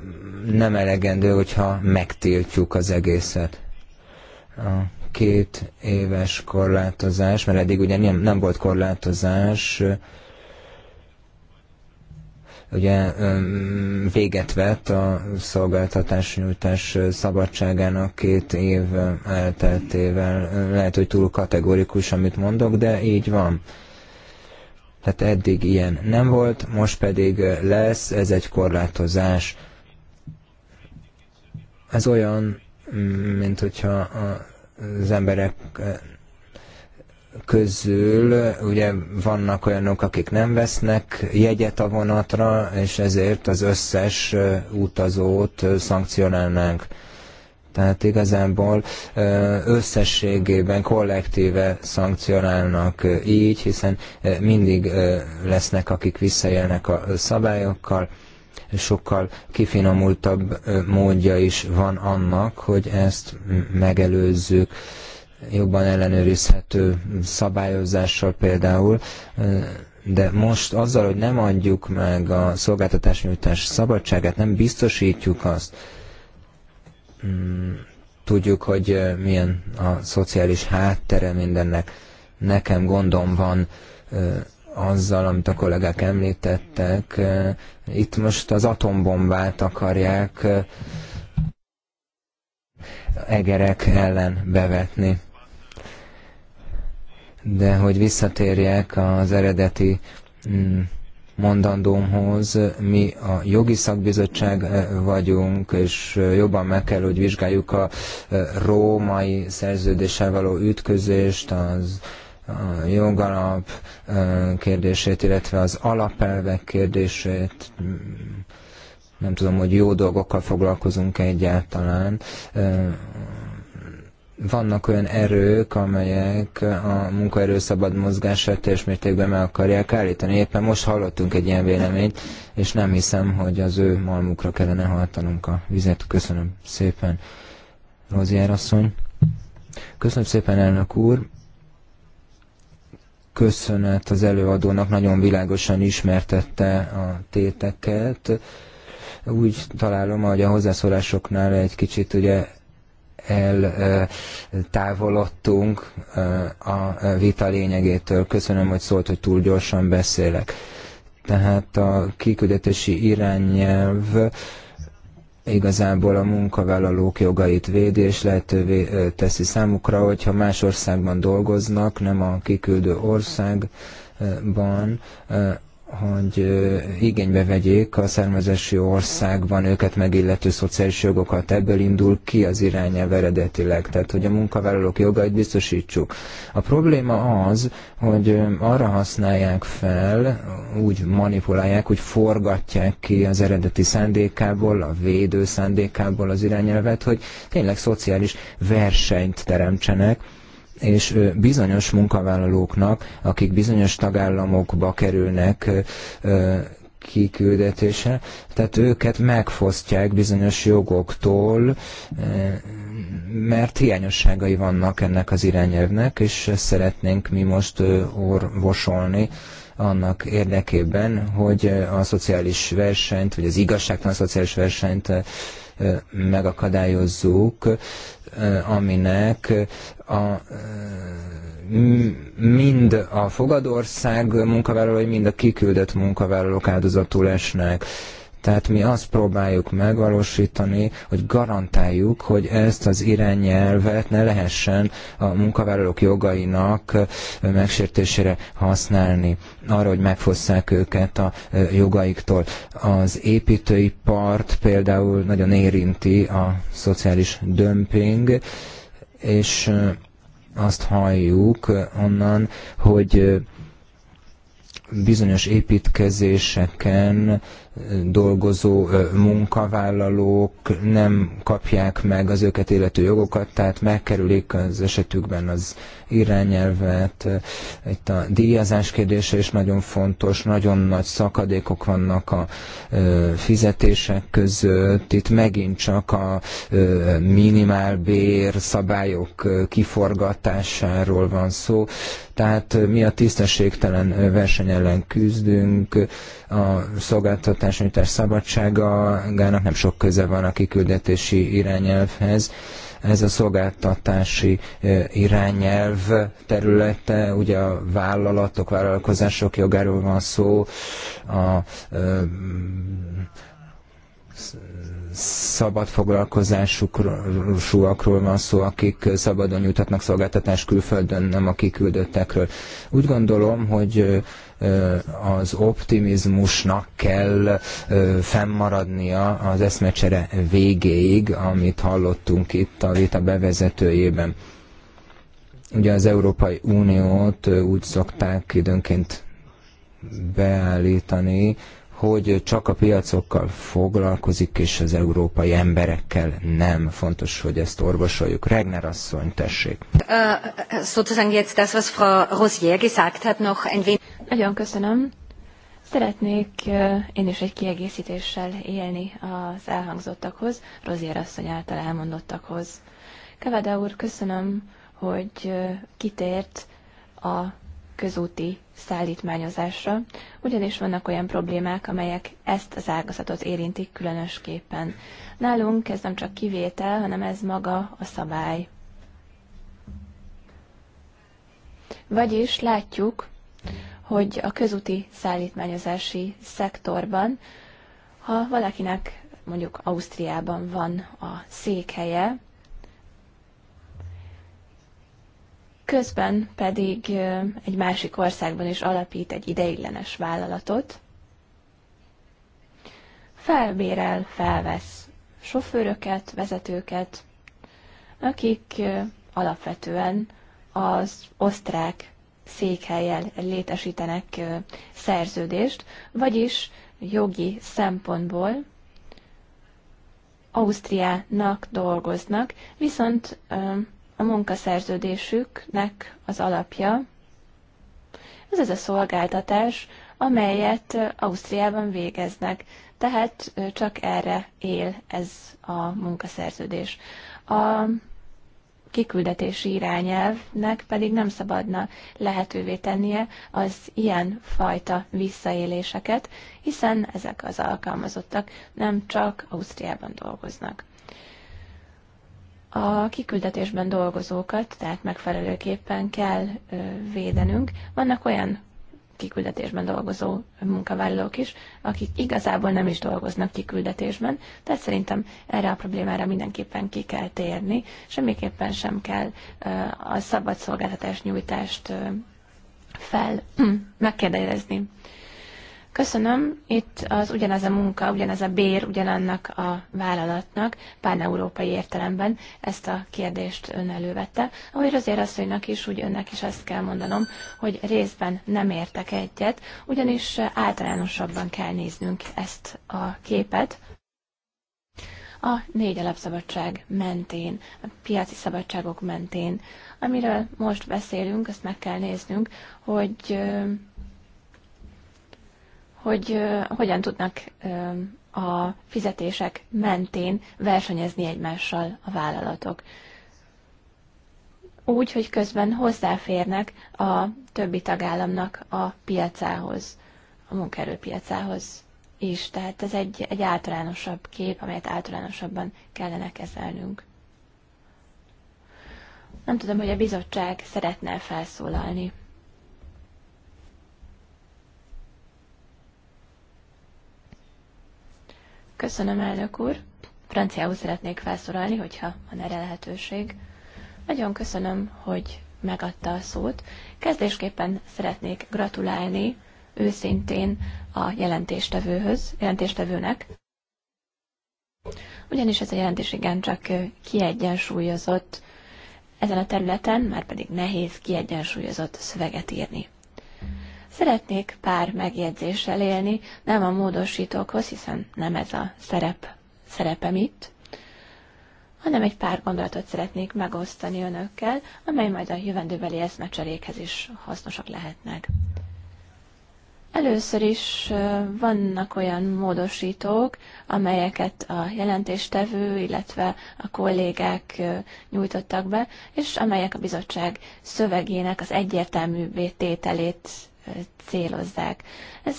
nem elegendő, hogyha megtiltjuk az egészet. A két éves korlátozás, mert eddig ugye nem, nem volt korlátozás, ugye véget vett a szolgáltatásnyújtás szabadságának két év elteltével. Lehet, hogy túl kategorikus, amit mondok, de így van. Tehát eddig ilyen nem volt, most pedig lesz, ez egy korlátozás. Ez olyan, mm, mint hogyha az emberek közül ugye vannak olyanok, akik nem vesznek jegyet a vonatra, és ezért az összes utazót szankcionálnánk. Tehát igazából összességében kollektíve szankcionálnak így, hiszen mindig lesznek, akik visszajelnek a szabályokkal, sokkal kifinomultabb módja is van annak, hogy ezt megelőzzük jobban ellenőrizhető szabályozással például, de most azzal, hogy nem adjuk meg a szolgáltatásnyújtás szabadságát, nem biztosítjuk azt, mm, tudjuk, hogy milyen a szociális háttere mindennek. Nekem gondom van azzal, amit a kollégák említettek. Itt most az atombombát akarják egerek ellen bevetni de hogy visszatérjek az eredeti mm, mondandómhoz, mi a jogi szakbizottság vagyunk, és jobban meg kell, hogy vizsgáljuk a római szerződéssel való ütközést, az a jogalap kérdését, illetve az alapelvek kérdését, nem tudom, hogy jó dolgokkal foglalkozunk -e egyáltalán vannak olyan erők, amelyek a munkaerő szabad mozgását teljes mértékben meg akarják állítani. Éppen most hallottunk egy ilyen véleményt, és nem hiszem, hogy az ő malmukra kellene hajtanunk a vizet. Köszönöm szépen, Rozier asszony. Köszönöm szépen, elnök úr. Köszönet az előadónak, nagyon világosan ismertette a téteket. Úgy találom, hogy a hozzászólásoknál egy kicsit ugye eltávolodtunk eh, a eh, vita lényegétől. Köszönöm, hogy szólt, hogy túl gyorsan beszélek. Tehát a kiküldetési irányelv igazából a munkavállalók jogait védi, és lehetővé eh, teszi számukra, hogyha más országban dolgoznak, nem a kiküldő országban, hogy igénybe vegyék a származási országban őket megillető szociális jogokat. Ebből indul ki az irányelv eredetileg, tehát hogy a munkavállalók jogait biztosítsuk. A probléma az, hogy arra használják fel, úgy manipulálják, úgy forgatják ki az eredeti szándékából, a védő szándékából az irányelvet, hogy tényleg szociális versenyt teremtsenek, és bizonyos munkavállalóknak, akik bizonyos tagállamokba kerülnek kiküldetése, tehát őket megfosztják bizonyos jogoktól, mert hiányosságai vannak ennek az irányelvnek, és ezt szeretnénk mi most orvosolni annak érdekében, hogy a szociális versenyt, vagy az igazságtalan szociális versenyt megakadályozzuk, aminek a mind a fogadország munkavállalói, mind a kiküldött munkavállalók áldozatul esnek. Tehát mi azt próbáljuk megvalósítani, hogy garantáljuk, hogy ezt az irányelvet ne lehessen a munkavállalók jogainak megsértésére használni, arra, hogy megfosszák őket a jogaiktól. Az építőipart például nagyon érinti a szociális dömping, és azt halljuk onnan, hogy bizonyos építkezéseken dolgozó munkavállalók nem kapják meg az őket illető jogokat, tehát megkerülik az esetükben az irányelvet. Itt a díjazás kérdése is nagyon fontos, nagyon nagy szakadékok vannak a fizetések között. Itt megint csak a minimálbér szabályok kiforgatásáról van szó, tehát mi a tisztességtelen verseny ellen küzdünk, a szolgáltató társadalmi szabadságának nem sok köze van a kiküldetési irányelvhez. Ez a szolgáltatási irányelv területe, ugye a vállalatok, vállalkozások jogáról van szó, a szabad foglalkozásukról van szó, akik szabadon juthatnak szolgáltatás külföldön, nem a kiküldöttekről. Úgy gondolom, hogy az optimizmusnak kell fennmaradnia az eszmecsere végéig, amit hallottunk itt a vita bevezetőjében. Ugye az Európai Uniót úgy szokták időnként beállítani, hogy csak a piacokkal foglalkozik, és az európai emberekkel nem. Fontos, hogy ezt orvosoljuk. Regner asszony, tessék.
Frau Rosier Nagyon köszönöm. Szeretnék én is egy kiegészítéssel élni az elhangzottakhoz, Rozier asszony által elmondottakhoz. Kavada úr, köszönöm, hogy kitért a közúti szállítmányozásra, ugyanis vannak olyan problémák, amelyek ezt az ágazatot érintik különösképpen. Nálunk ez nem csak kivétel, hanem ez maga a szabály. Vagyis látjuk, hogy a közúti szállítmányozási szektorban, ha valakinek mondjuk Ausztriában van a székhelye, közben pedig egy másik országban is alapít egy ideiglenes vállalatot, felbérel, felvesz sofőröket, vezetőket, akik alapvetően az osztrák székhelyel létesítenek szerződést, vagyis jogi szempontból Ausztriának dolgoznak, viszont a munkaszerződésüknek az alapja, ez az a szolgáltatás, amelyet Ausztriában végeznek, tehát csak erre él ez a munkaszerződés. A kiküldetési irányelvnek pedig nem szabadna lehetővé tennie az ilyen fajta visszaéléseket, hiszen ezek az alkalmazottak nem csak Ausztriában dolgoznak. A kiküldetésben dolgozókat, tehát megfelelőképpen kell védenünk. Vannak olyan kiküldetésben dolgozó munkavállalók is, akik igazából nem is dolgoznak kiküldetésben, tehát szerintem erre a problémára mindenképpen ki kell térni, semmiképpen sem kell a szabad szolgáltatás nyújtást fel megkérdezni. Köszönöm, itt az ugyanez a munka, ugyanez a bér, ugyanannak a vállalatnak, pán-európai értelemben ezt a kérdést ön elővette. Ahogy az asszonynak is, úgy önnek is azt kell mondanom, hogy részben nem értek egyet, ugyanis általánosabban kell néznünk ezt a képet a négy alapszabadság mentén, a piaci szabadságok mentén. Amiről most beszélünk, azt meg kell néznünk, hogy hogy hogyan tudnak a fizetések mentén versenyezni egymással a vállalatok. Úgy, hogy közben hozzáférnek a többi tagállamnak a piacához, a munkaerőpiacához is. Tehát ez egy, egy általánosabb kép, amelyet általánosabban kellene kezelnünk. Nem tudom, hogy a bizottság szeretne felszólalni. Köszönöm, elnök úr. Franciául szeretnék felszólalni, hogyha van erre lehetőség. Nagyon köszönöm, hogy megadta a szót. Kezdésképpen szeretnék gratulálni őszintén a jelentéstevőhöz, jelentéstevőnek. Ugyanis ez a jelentés igencsak kiegyensúlyozott ezen a területen, már pedig nehéz kiegyensúlyozott szöveget írni. Szeretnék pár megjegyzéssel élni, nem a módosítókhoz, hiszen nem ez a szerep, szerepem itt, hanem egy pár gondolatot szeretnék megosztani önökkel, amely majd a jövendőbeli eszmecserékhez is hasznosak lehetnek. Először is vannak olyan módosítók, amelyeket a jelentéstevő, illetve a kollégák nyújtottak be, és amelyek a bizottság szövegének az egyértelmű tételét célozzák. Ez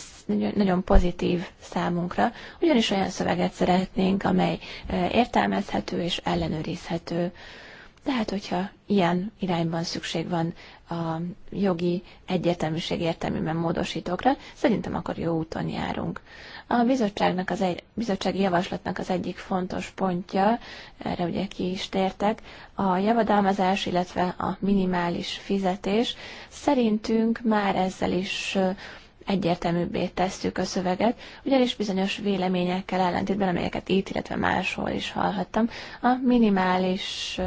nagyon pozitív számunkra, ugyanis olyan szöveget szeretnénk, amely e, értelmezhető és ellenőrizhető. Tehát, hogyha ilyen irányban szükség van a jogi egyértelműség értelmében módosítókra, szerintem akkor jó úton járunk. A bizottságnak az egy, bizottsági javaslatnak az egyik fontos pontja, erre ugye ki is tértek, a javadalmazás, illetve a minimális fizetés. Szerintünk már ezzel is egyértelműbbé tesszük a szöveget, ugyanis bizonyos véleményekkel ellentétben, amelyeket itt, illetve máshol is hallhattam, a minimális,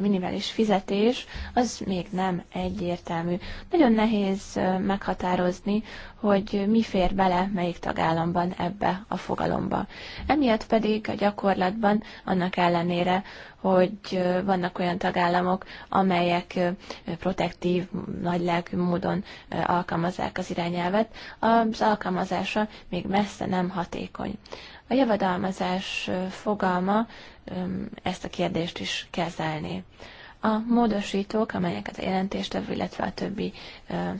minimális fizetés az még nem egyértelmű. Nagyon nehéz meghatározni, hogy mi fér bele melyik tagállamban ebbe a fogalomba. Emiatt pedig a gyakorlatban annak ellenére, hogy vannak olyan tagállamok, amelyek protektív, nagylelkű módon alkalmazzák az irányelvet, az alkalmazása még messze nem hatékony. A javadalmazás fogalma ezt a kérdést is kezelni. A módosítók, amelyeket a jelentéstevő, illetve a többi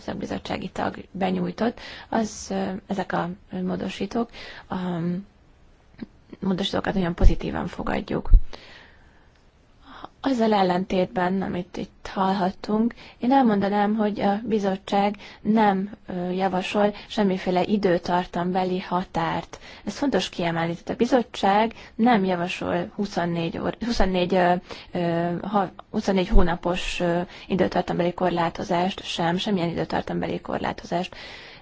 szakbizottsági tag benyújtott, az, ezek a módosítók, a módosítókat nagyon pozitívan fogadjuk. Azzal ellentétben, amit itt hallhattunk, én elmondanám, hogy a bizottság nem javasol semmiféle időtartambeli határt. Ez fontos kiemelni. Tehát a bizottság nem javasol 24, or, 24, 24 hónapos időtartambeli korlátozást sem, semmilyen időtartambeli korlátozást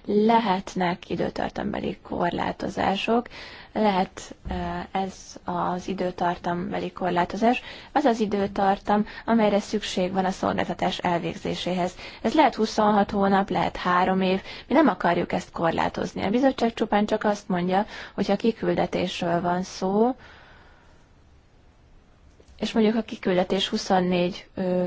lehetnek időtartambeli korlátozások lehet eh, ez az időtartambeli korlátozás, az az időtartam, amelyre szükség van a szolgáltatás elvégzéséhez. Ez lehet 26 hónap, lehet 3 év, mi nem akarjuk ezt korlátozni. A bizottság csupán csak azt mondja, hogy a kiküldetésről van szó, és mondjuk a kiküldetés 24 ö,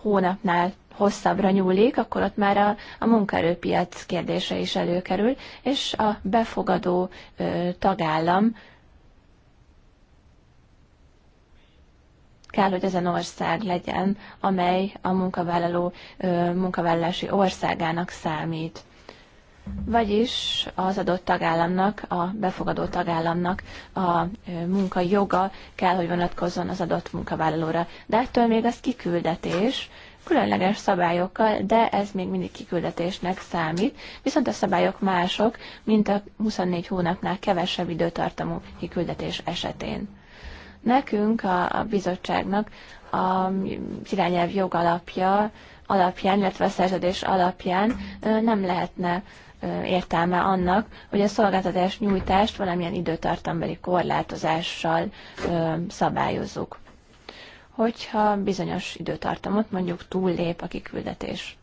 hónapnál hosszabbra nyúlik, akkor ott már a, a munkaerőpiac kérdése is előkerül, és a befogadó ö, tagállam kell, hogy ezen ország legyen, amely a munkavállaló ö, munkavállalási országának számít. Vagyis az adott tagállamnak, a befogadó tagállamnak a munkajoga kell, hogy vonatkozzon az adott munkavállalóra. De ettől még az kiküldetés, különleges szabályokkal, de ez még mindig kiküldetésnek számít, viszont a szabályok mások, mint a 24 hónapnál kevesebb időtartamú kiküldetés esetén. Nekünk, a, a bizottságnak a irányelv jogalapja alapján, illetve a szerződés alapján nem lehetne értelme annak, hogy a szolgáltatás nyújtást valamilyen időtartambeli korlátozással szabályozzuk hogyha bizonyos időtartamot mondjuk túllép a kiküldetés.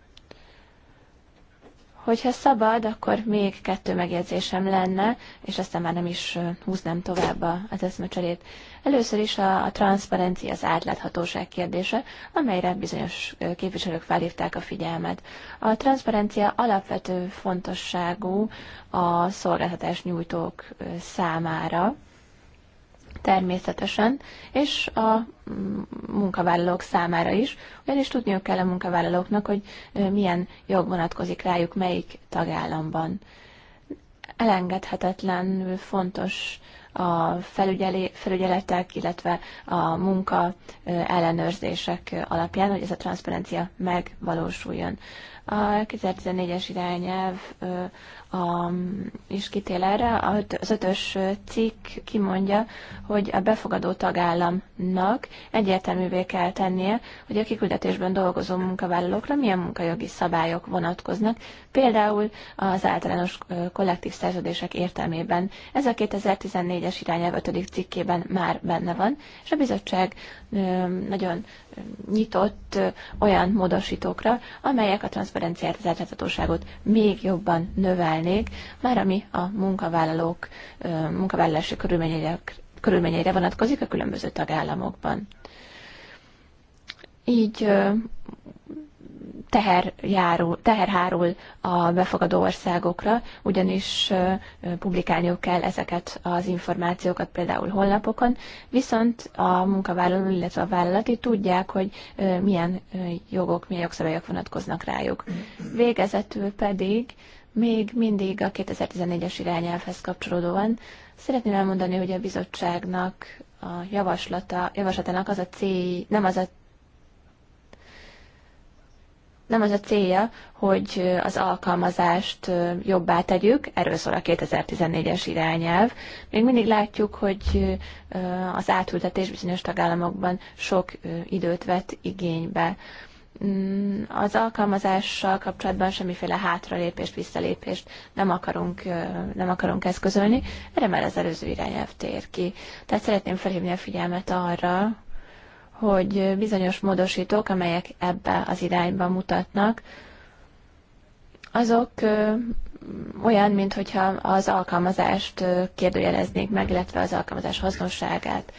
Hogyha szabad, akkor még kettő megjegyzésem lenne, és aztán már nem is húznám tovább az eszmecserét. Először is a, a transzparencia, az átláthatóság kérdése, amelyre bizonyos képviselők felhívták a figyelmet. A transzparencia alapvető fontosságú a szolgáltatás nyújtók számára, természetesen, és a munkavállalók számára is, ugyanis tudniuk kell a munkavállalóknak, hogy milyen jog vonatkozik rájuk melyik tagállamban. Elengedhetetlen fontos a felügyeletek, illetve a munka ellenőrzések alapján, hogy ez a transzparencia megvalósuljon. A 2014-es irányelv a, is kitél erre. Az ötös cikk kimondja, hogy a befogadó tagállamnak egyértelművé kell tennie, hogy a kiküldetésben dolgozó munkavállalókra milyen munkajogi szabályok vonatkoznak, például az általános kollektív szerződések értelmében. Ez a 2014-es irányelv ötödik cikkében már benne van, és a bizottság nagyon nyitott olyan módosítókra, amelyek a transzparenciát, az átláthatóságot még jobban növelnék, már ami a munkavállalók munkavállalási körülményeire, körülményeire vonatkozik a különböző tagállamokban. Így teherjáró, teherhárul a befogadó országokra, ugyanis publikálniuk kell ezeket az információkat például honlapokon, viszont a munkavállaló, illetve a vállalati tudják, hogy milyen jogok, milyen jogszabályok vonatkoznak rájuk. Végezetül pedig még mindig a 2014-es irányelvhez kapcsolódóan szeretném elmondani, hogy a bizottságnak a javaslata, javaslatának az a cél, nem az a nem az a célja, hogy az alkalmazást jobbá tegyük, erről szól a 2014-es irányelv. Még mindig látjuk, hogy az átültetés bizonyos tagállamokban sok időt vett igénybe. Mm, az alkalmazással kapcsolatban semmiféle hátralépést, visszalépést nem akarunk, nem akarunk eszközölni, erre már az előző irányelv tér ki. Tehát szeretném felhívni a figyelmet arra, hogy bizonyos módosítók, amelyek ebbe az irányba mutatnak, azok olyan, mintha az alkalmazást kérdőjeleznék meg, illetve az alkalmazás hasznosságát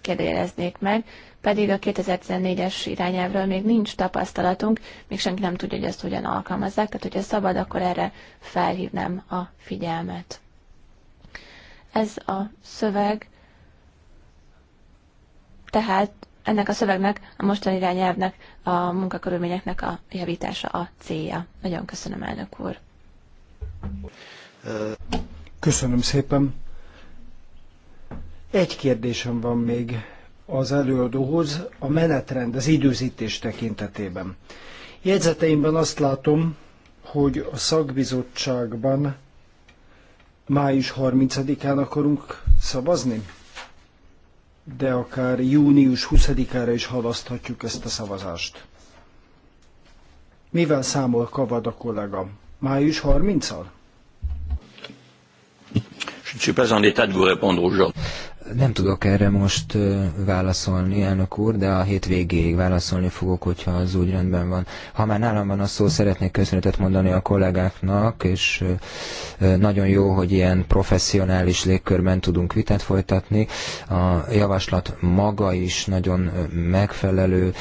kérdőjeleznék meg, pedig a 2014-es irányelvről még nincs tapasztalatunk, még senki nem tudja, hogy ezt hogyan alkalmazzák, tehát hogyha szabad, akkor erre felhívnám a figyelmet. Ez a szöveg tehát ennek a szövegnek, a mostani irányelvnek, a munkakörülményeknek a javítása a célja. Nagyon köszönöm, elnök úr.
Köszönöm szépen. Egy kérdésem van még az előadóhoz, a menetrend, az időzítés tekintetében. Jegyzeteimben azt látom, hogy a szakbizottságban május 30-án akarunk szavazni de akár június 20-ára is halaszthatjuk ezt a szavazást. Mivel számol Kavad a kollega? Május 30-al? Je ne suis pas en état de vous répondre aujourd'hui.
Nem tudok erre most válaszolni, elnök úr, de a hét végéig válaszolni fogok, hogyha az úgy rendben van. Ha már nálam van a szó, szeretnék köszönetet mondani a kollégáknak, és nagyon jó, hogy ilyen professzionális légkörben tudunk vitát folytatni. A javaslat maga is nagyon megfelelő,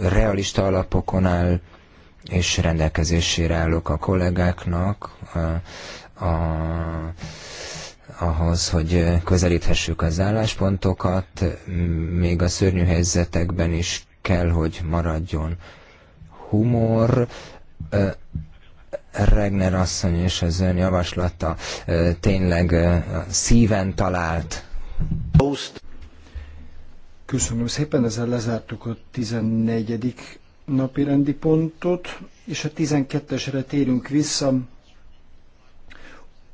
realista alapokon áll, és rendelkezésére állok a kollégáknak. A, a ahhoz, hogy eh, közelíthessük az álláspontokat, még a szörnyű helyzetekben is kell, hogy maradjon humor. Eh, Regner asszony és az ön javaslata eh, tényleg szíven talált.
Köszönöm szépen, ezzel lezártuk a 14. napi rendi pontot, és a 12-esre térünk vissza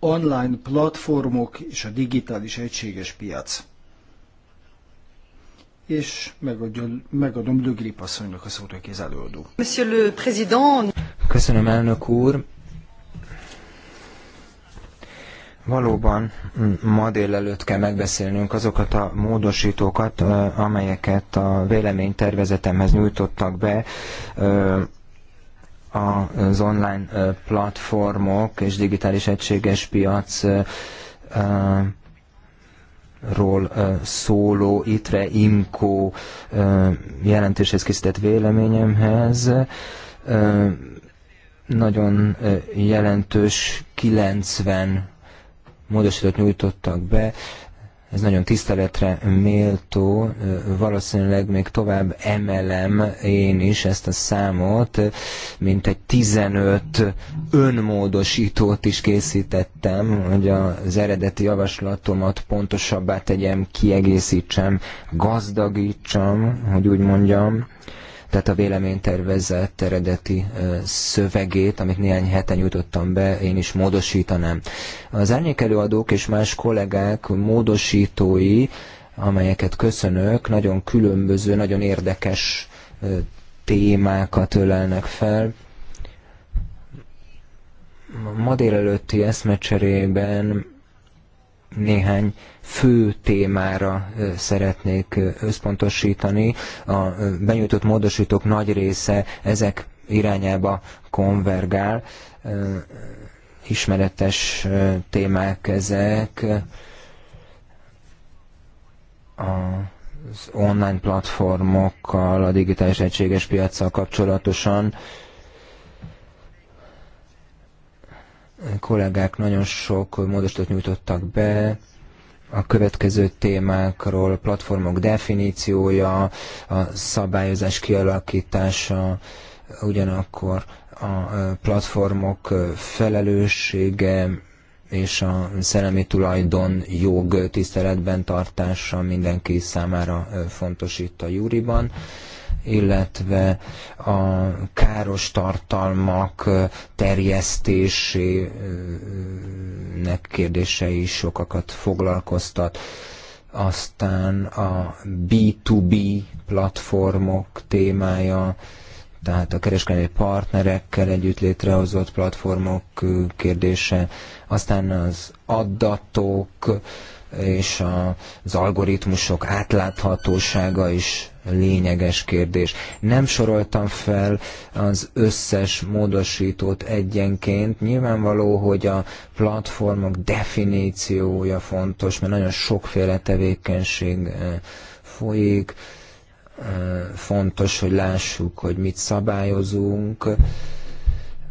online platformok és a digitális egységes piac. És megadom, megadom Dögrip asszonynak a
szót, aki az előadó. Monsieur le Président! Köszönöm, elnök úr! Valóban ma délelőtt kell megbeszélnünk azokat a módosítókat, amelyeket a véleménytervezetemhez nyújtottak be az online platformok és digitális egységes piac ról szóló ITRE IMCO jelentéshez készített véleményemhez. Nagyon jelentős 90 módosított nyújtottak be, ez nagyon tiszteletre méltó, valószínűleg még tovább emelem én is ezt a számot, mint egy 15 önmódosítót is készítettem, hogy az eredeti javaslatomat pontosabbá tegyem, kiegészítsem, gazdagítsam, hogy úgy mondjam tehát a véleménytervezet eredeti szövegét, amit néhány heten jutottam be, én is módosítanám. Az árnyékelőadók és más kollégák módosítói, amelyeket köszönök, nagyon különböző, nagyon érdekes témákat ölelnek fel, ma délelőtti eszmecserében néhány fő témára szeretnék összpontosítani. A benyújtott módosítók nagy része ezek irányába konvergál. Ismeretes témák ezek. Az online platformokkal, a digitális egységes piaccal kapcsolatosan kollégák nagyon sok módosítót nyújtottak be, a következő témákról, a platformok definíciója, a szabályozás kialakítása, ugyanakkor a platformok felelőssége és a szellemi tulajdon jog tiszteletben tartása mindenki számára fontos itt a júriban illetve a káros tartalmak terjesztésének kérdése is sokakat foglalkoztat. Aztán a B2B platformok témája, tehát a kereskedelmi partnerekkel együtt létrehozott platformok kérdése, aztán az adatok, és az algoritmusok átláthatósága is lényeges kérdés. Nem soroltam fel az összes módosítót egyenként. Nyilvánvaló, hogy a platformok definíciója fontos, mert nagyon sokféle tevékenység eh, folyik. Eh, fontos, hogy lássuk, hogy mit szabályozunk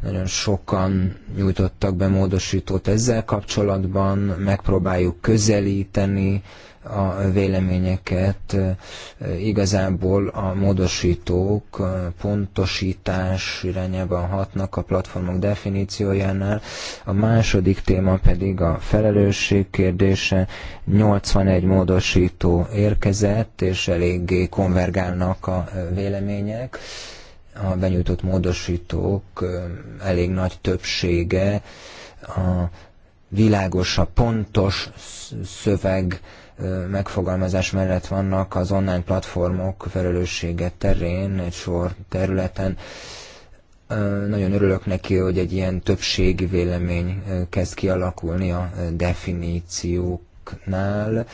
nagyon sokan nyújtottak be módosítót ezzel kapcsolatban, megpróbáljuk közelíteni a véleményeket. Igazából a módosítók pontosítás irányában hatnak a platformok definíciójánál. A második téma pedig a felelősség kérdése. 81 módosító érkezett, és eléggé konvergálnak a vélemények a benyújtott módosítók elég nagy többsége a világosabb, pontos szöveg megfogalmazás mellett vannak az online platformok felelőssége terén, egy sor területen. Nagyon örülök neki, hogy egy ilyen többségi vélemény kezd kialakulni a definícióknál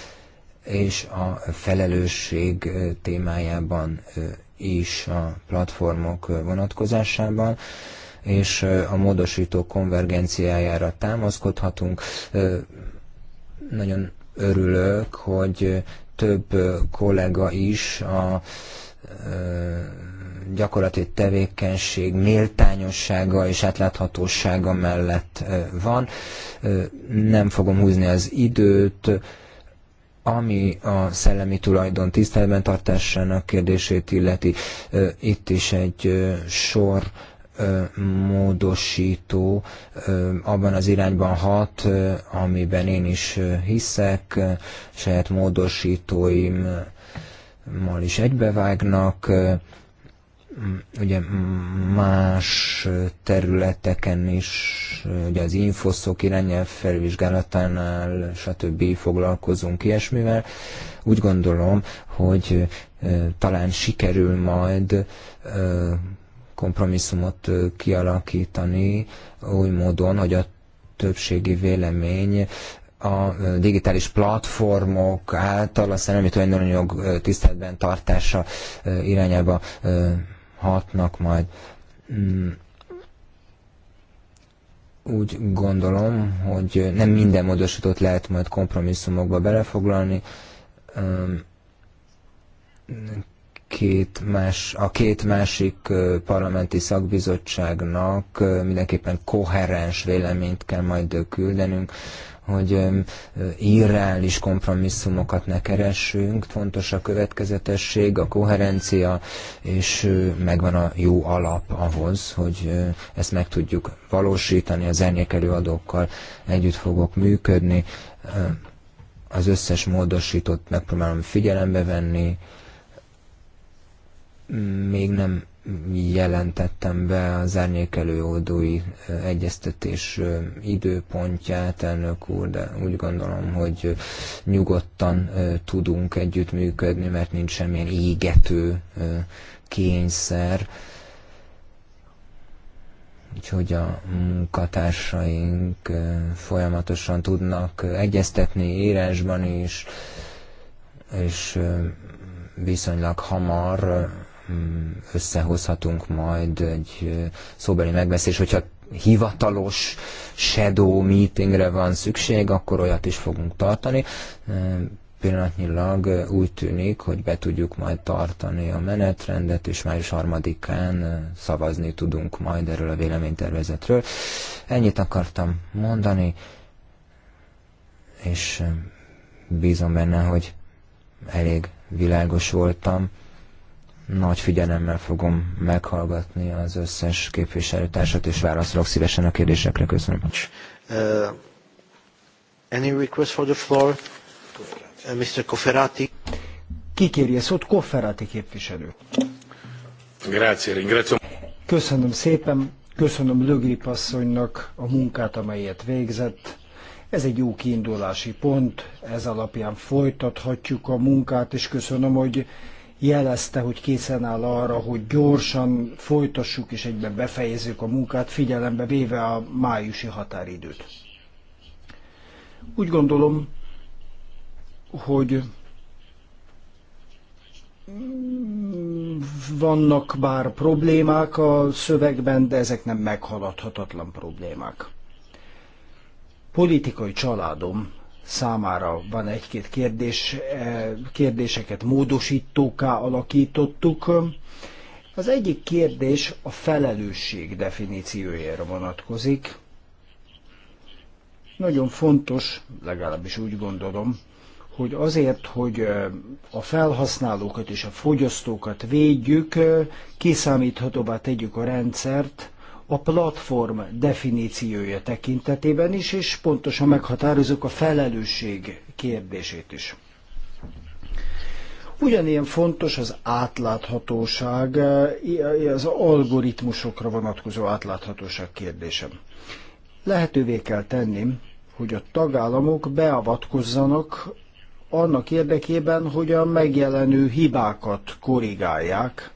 és a felelősség témájában is a platformok vonatkozásában és a módosító konvergenciájára támaszkodhatunk. Nagyon örülök, hogy több kollega is a gyakorlati tevékenység méltányossága és átláthatósága mellett van. Nem fogom húzni az időt, ami a szellemi tulajdon tiszteletben tartásának kérdését illeti, itt is egy sor módosító abban az irányban hat, amiben én is hiszek, saját módosítóimmal is egybevágnak, ugye más területeken is, ugye az infoszok irányel felvizsgálatánál, stb. foglalkozunk ilyesmivel. Úgy gondolom, hogy talán sikerül majd kompromisszumot kialakítani oly módon, hogy a többségi vélemény a digitális platformok által a szellemi tulajdonjog tiszteletben tartása irányába hatnak majd. Mm. Úgy gondolom, hogy nem minden módosítót lehet majd kompromisszumokba belefoglalni. Két más, a két másik parlamenti szakbizottságnak mindenképpen koherens véleményt kell majd küldenünk hogy irreális kompromisszumokat ne keressünk, fontos a következetesség, a koherencia, és megvan a jó alap ahhoz, hogy ezt meg tudjuk valósítani, zenék előadókkal együtt fogok működni, az összes módosított megpróbálom figyelembe venni, még nem jelentettem be az oldói egyeztetés időpontját, elnök úr, de úgy gondolom, hogy nyugodtan tudunk együttműködni, mert nincs semmilyen égető kényszer. Úgyhogy a munkatársaink folyamatosan tudnak egyeztetni írásban is, és viszonylag hamar Hm, összehozhatunk majd egy szóbeli megbeszélés, hogyha hivatalos shadow meetingre van szükség, akkor olyat is fogunk tartani. Pillanatnyilag úgy tűnik, hogy be tudjuk majd tartani a menetrendet, és május harmadikán szavazni tudunk majd erről a véleménytervezetről. Ennyit akartam mondani, és bízom benne, hogy elég világos voltam. Nagy figyelemmel fogom meghallgatni az összes képviselőtársat, és válaszolok szívesen a kérdésekre. Köszönöm. Uh, any request for the floor? Uh, Mr.
Kofferati. Ki kéri a szót? Koferati képviselő.
Grazie, ringrazio.
Köszönöm szépen, köszönöm Lögri asszonynak a munkát, amelyet végzett. Ez egy jó kiindulási pont, ez alapján folytathatjuk a munkát, és köszönöm, hogy jelezte, hogy készen áll arra, hogy gyorsan folytassuk és egyben befejezzük a munkát, figyelembe véve a májusi határidőt. Úgy gondolom, hogy vannak bár problémák a szövegben, de ezek nem meghaladhatatlan problémák. Politikai családom számára van egy-két kérdés, e, kérdéseket módosítóká alakítottuk. Az egyik kérdés a felelősség definíciójára vonatkozik. Nagyon fontos, legalábbis úgy gondolom, hogy azért, hogy e, a felhasználókat és a fogyasztókat védjük, e, kiszámíthatóbbá tegyük a rendszert, a platform definíciója tekintetében is, és pontosan meghatározok a felelősség kérdését is. Ugyanilyen fontos az átláthatóság, az algoritmusokra vonatkozó átláthatóság kérdése. Lehetővé kell tenni, hogy a tagállamok beavatkozzanak annak érdekében, hogy a megjelenő hibákat korrigálják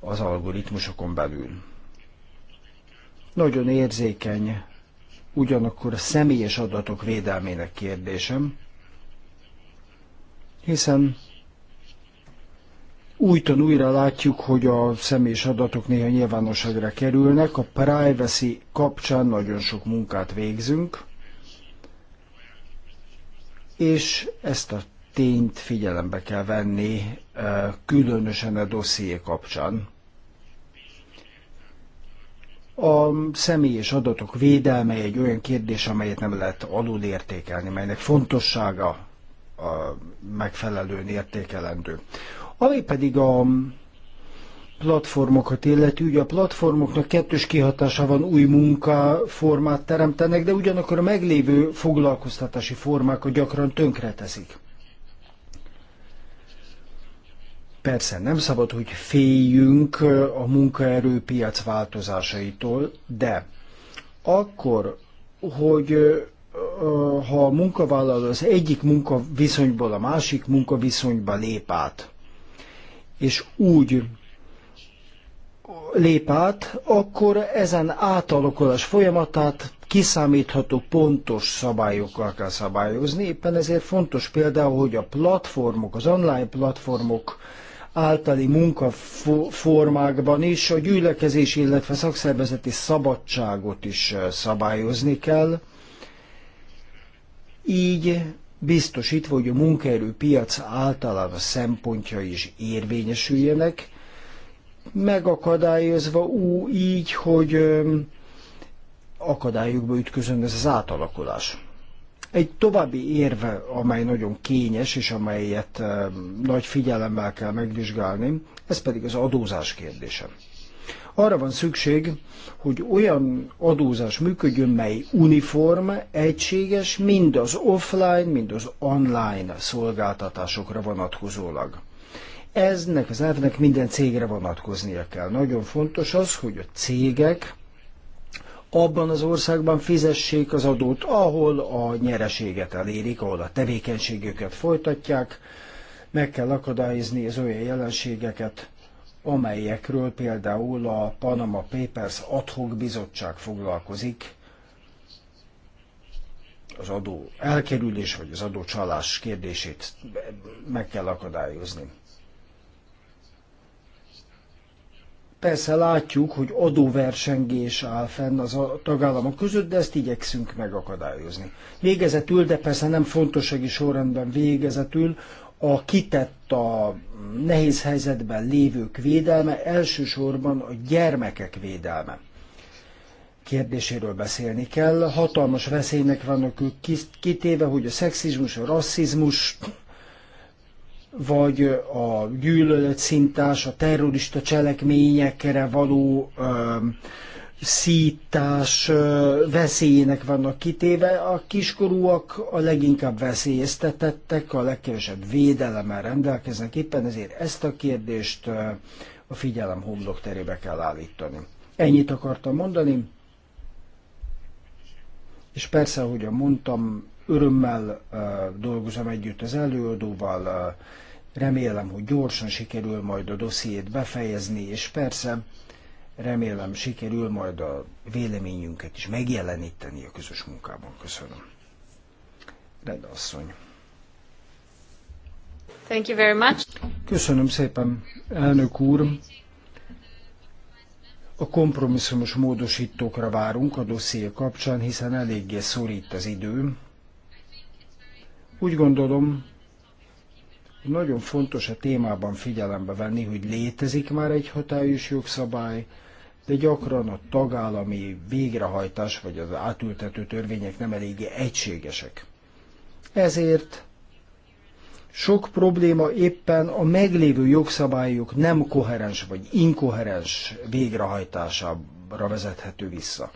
az algoritmusokon belül. Nagyon érzékeny ugyanakkor a személyes adatok védelmének kérdésem, hiszen újton újra látjuk, hogy a személyes adatok néha nyilvánosságra kerülnek, a privacy kapcsán nagyon sok munkát végzünk, és ezt a tényt figyelembe kell venni, eh, különösen a dosszié kapcsán. A személyes adatok védelme egy olyan kérdés, amelyet nem lehet alulértékelni, melynek fontossága a megfelelően értékelendő. Ami pedig a platformokat illeti, ugye a platformoknak kettős kihatása van, új munkaformát teremtenek, de ugyanakkor a meglévő foglalkoztatási formákat gyakran tönkreteszik. Persze nem szabad, hogy féljünk a munkaerőpiac változásaitól, de akkor, hogy ha a munkavállaló az egyik munkaviszonyból a másik munkaviszonyba lép át, és úgy lép át, akkor ezen átalakulás folyamatát kiszámítható pontos szabályokkal kell szabályozni. Éppen ezért fontos például, hogy a platformok, az online platformok általi munkaformákban is a gyűlökezés, illetve szakszervezeti szabadságot is szabályozni kell. Így biztosítva, hogy a munkaerőpiac általában szempontjai is érvényesüljenek, megakadályozva ú, így, hogy akadályokba ütközön ez az átalakulás. Egy további érve, amely nagyon kényes, és amelyet nagy figyelemmel kell megvizsgálni, ez pedig az adózás kérdése. Arra van szükség, hogy olyan adózás működjön, mely uniform, egységes, mind az offline, mind az online szolgáltatásokra vonatkozólag. Eznek az elvnek minden cégre vonatkoznia kell. Nagyon fontos az, hogy a cégek abban az országban fizessék az adót, ahol a nyereséget elérik, ahol a tevékenységüket folytatják. Meg kell akadályozni az olyan jelenségeket, amelyekről például a Panama Papers Adhok Bizottság foglalkozik, az adó elkerülés vagy az adócsalás kérdését meg kell akadályozni. Persze látjuk, hogy adóversengés áll fenn az a tagállamok között, de ezt igyekszünk megakadályozni. Végezetül, de persze nem fontossági sorrendben végezetül, a kitett a nehéz helyzetben lévők védelme, elsősorban a gyermekek védelme kérdéséről beszélni kell. Hatalmas veszélynek vannak ők kitéve, hogy a szexizmus, a rasszizmus vagy a gyűlölet szintás, a terrorista cselekményekre való ö, szítás ö, veszélyének vannak kitéve. A kiskorúak a leginkább veszélyeztetettek, a legkevesebb védelemmel rendelkeznek, éppen ezért ezt a kérdést ö, a figyelem homlok terébe kell állítani. Ennyit akartam mondani, és persze, ahogy mondtam, Örömmel dolgozom együtt az előadóval, remélem, hogy gyorsan sikerül majd a dossziét befejezni, és persze remélem sikerül majd a véleményünket is megjeleníteni a közös munkában. Köszönöm. Reda asszony.
Thank you very much.
Köszönöm szépen, elnök úr. A kompromisszumos módosítókra várunk a dosszié kapcsán, hiszen eléggé szorít az idő, úgy gondolom, nagyon fontos a témában figyelembe venni, hogy létezik már egy hatályos jogszabály, de gyakran a tagállami végrehajtás vagy az átültető törvények nem eléggé egységesek. Ezért sok probléma éppen a meglévő jogszabályok nem koherens vagy inkoherens végrehajtására vezethető vissza.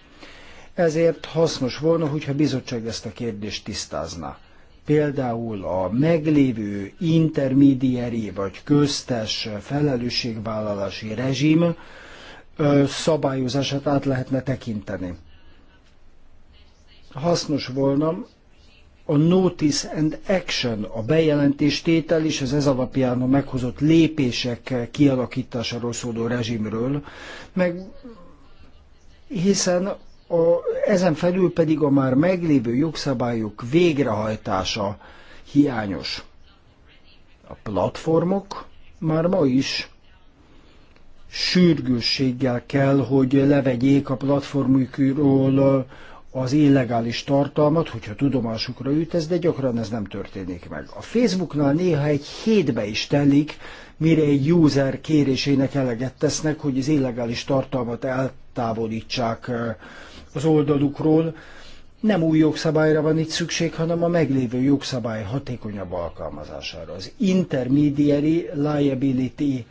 Ezért hasznos volna, hogyha bizottság ezt a kérdést tisztázná például a meglévő intermediári vagy köztes felelősségvállalási rezsim szabályozását át lehetne tekinteni. Hasznos volna a notice and action, a bejelentéstétel és az ez alapján a meghozott lépések kialakításáról szóló rezsimről, meg hiszen a, ezen felül pedig a már meglévő jogszabályok végrehajtása hiányos. A platformok már ma is sürgősséggel kell, hogy levegyék a platformjukról az illegális tartalmat, hogyha tudomásukra jut ez, de gyakran ez nem történik meg. A Facebooknál néha egy hétbe is telik, mire egy user kérésének eleget tesznek, hogy az illegális tartalmat eltávolítsák eh, az oldalukról. Nem új jogszabályra van itt szükség, hanem a meglévő jogszabály hatékonyabb alkalmazására. Az intermediary liability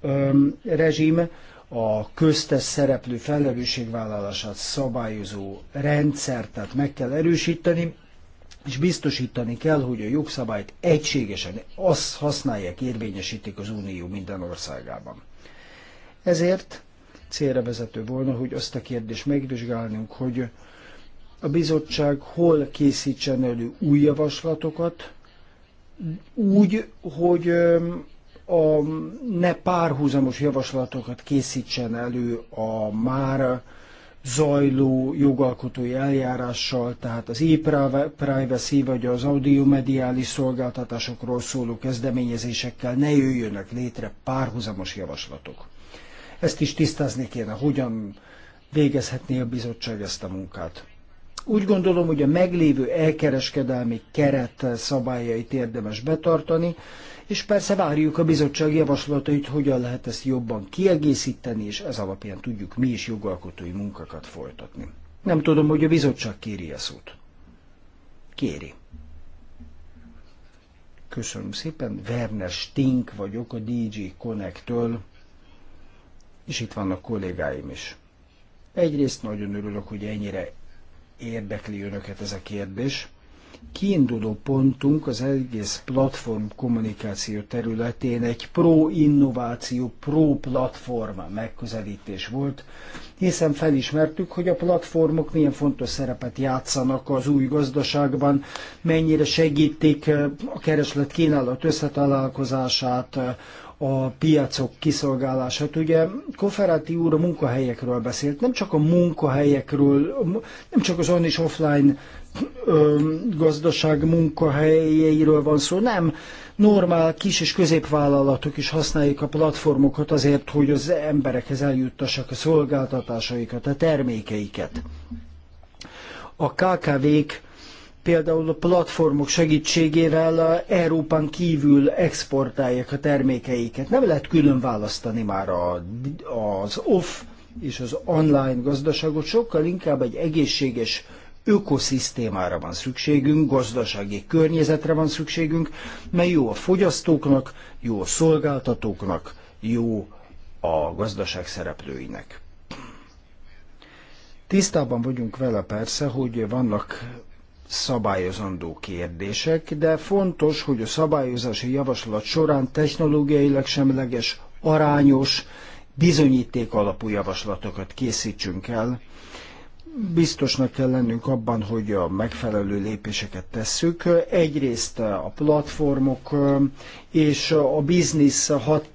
öm, rezsim a köztes szereplő felelősségvállalását szabályozó rendszert, tehát meg kell erősíteni, és biztosítani kell, hogy a jogszabályt egységesen azt használják, érvényesítik az Unió minden országában. Ezért célra vezető volna, hogy azt a kérdést megvizsgálnunk, hogy a bizottság hol készítsen elő új javaslatokat, úgy, hogy a ne párhuzamos javaslatokat készítsen elő a már zajló jogalkotói eljárással, tehát az e-privacy vagy az audiomediális szolgáltatásokról szóló kezdeményezésekkel ne jöjjönek létre párhuzamos javaslatok. Ezt is tisztázni kéne, hogyan végezhetné a bizottság ezt a munkát. Úgy gondolom, hogy a meglévő elkereskedelmi keret szabályait érdemes betartani, és persze várjuk a bizottság javaslatait, hogyan lehet ezt jobban kiegészíteni, és ez alapján tudjuk mi is jogalkotói munkakat folytatni. Nem tudom, hogy a bizottság kéri a szót. Kéri. Köszönöm szépen, Werner Stink vagyok a DJ Connect-től és itt vannak kollégáim is. Egyrészt nagyon örülök, hogy ennyire érdekli önöket ez a kérdés. Kiinduló pontunk az egész platform kommunikáció területén egy pro-innováció, pro-platforma megközelítés volt, hiszen felismertük, hogy a platformok milyen fontos szerepet játszanak az új gazdaságban, mennyire segítik eh, a kereslet kínálat összetalálkozását, a piacok kiszolgálását. Ugye Koferáti úr a munkahelyekről beszélt, nem csak a munkahelyekről, nem csak az on és offline ö, gazdaság munkahelyeiről van szó, nem. Normál kis és középvállalatok is használják a platformokat azért, hogy az emberekhez eljuttassák a szolgáltatásaikat, a termékeiket. A KKV-k például a platformok segítségével Európán kívül exportálják a termékeiket. Nem lehet külön választani már a, az off és az online gazdaságot, sokkal inkább egy egészséges ökoszisztémára van szükségünk, gazdasági környezetre van szükségünk, mely jó a fogyasztóknak, jó a szolgáltatóknak, jó a gazdaság szereplőinek. Tisztában vagyunk vele persze, hogy vannak szabályozandó kérdések, de fontos, hogy a szabályozási javaslat során technológiailag semleges, arányos, bizonyíték alapú javaslatokat készítsünk el. Biztosnak kell lennünk abban, hogy a megfelelő lépéseket tesszük. Egyrészt a platformok és a biznisz hat,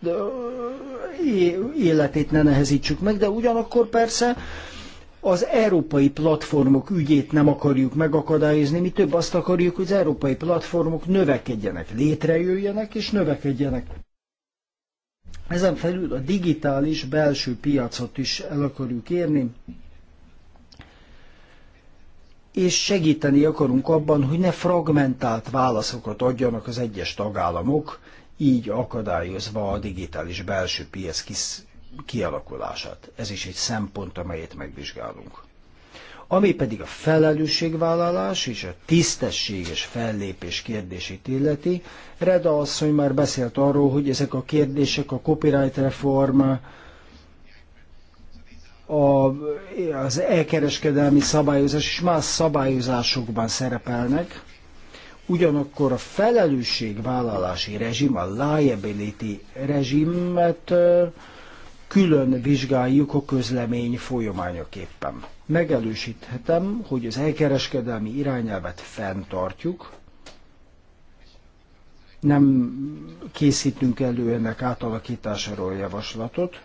életét ne nehezítsük meg, de ugyanakkor persze az európai platformok ügyét nem akarjuk megakadályozni, mi több azt akarjuk, hogy az európai platformok növekedjenek, létrejöjjenek és növekedjenek. Ezen felül a digitális belső piacot is el akarjuk érni, és segíteni akarunk abban, hogy ne fragmentált válaszokat adjanak az egyes tagállamok, így akadályozva a digitális belső piac kialakulását. Ez is egy szempont, amelyet megvizsgálunk. Ami pedig a felelősségvállalás és a tisztességes fellépés kérdését illeti, Reda asszony már beszélt arról, hogy ezek a kérdések a copyright reform, a, az elkereskedelmi szabályozás és más szabályozásokban szerepelnek, ugyanakkor a felelősségvállalási rezsim, a liability rezsimet külön vizsgáljuk a közlemény folyamányaképpen. Megelősíthetem, hogy az elkereskedelmi irányelvet fenntartjuk, nem készítünk elő ennek átalakításáról javaslatot,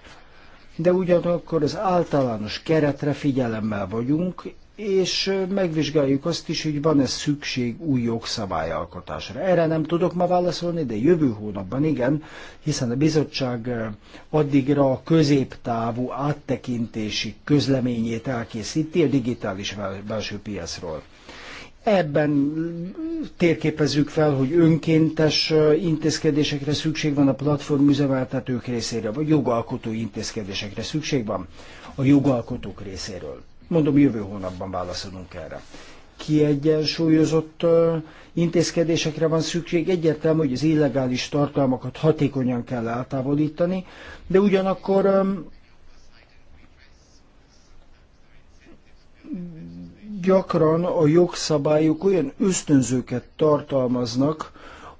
de ugyanakkor az általános keretre figyelemmel vagyunk, és megvizsgáljuk azt is, hogy van-e szükség új jogszabályalkotásra. Erre nem tudok ma válaszolni, de jövő hónapban igen, hiszen a bizottság addigra a középtávú áttekintési közleményét elkészíti a digitális belső piacról. Ebben térképezzük fel, hogy önkéntes intézkedésekre szükség van a platform üzemeltetők részéről, vagy jogalkotó intézkedésekre szükség van a jogalkotók részéről. Mondom, jövő hónapban válaszolunk erre. Kiegyensúlyozott intézkedésekre van szükség. Egyértelmű, hogy az illegális tartalmakat hatékonyan kell eltávolítani, de ugyanakkor gyakran a jogszabályok olyan ösztönzőket tartalmaznak,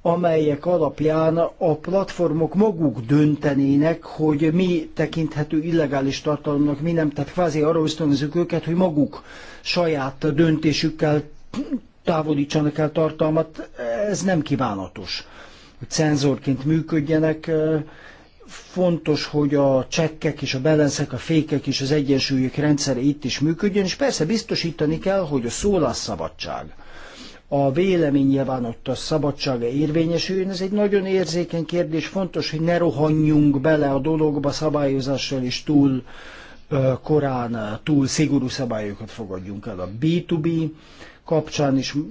amelyek alapján a platformok maguk döntenének, hogy mi tekinthető illegális tartalomnak, mi nem. Tehát kvázi arra ösztönözzük őket, hogy maguk saját döntésükkel távolítsanak el tartalmat. Ez nem kívánatos, hogy cenzorként működjenek. Fontos, hogy a csekkek és a belenszek, a fékek és az egyensúlyok rendszere itt is működjön, és persze biztosítani kell, hogy a szólásszabadság, a ott a szabadsága érvényesüljön. Ez egy nagyon érzékeny kérdés, fontos, hogy ne rohanjunk bele a dologba szabályozással is túl korán, túl szigorú szabályokat fogadjunk el. A B2B kapcsán is mm,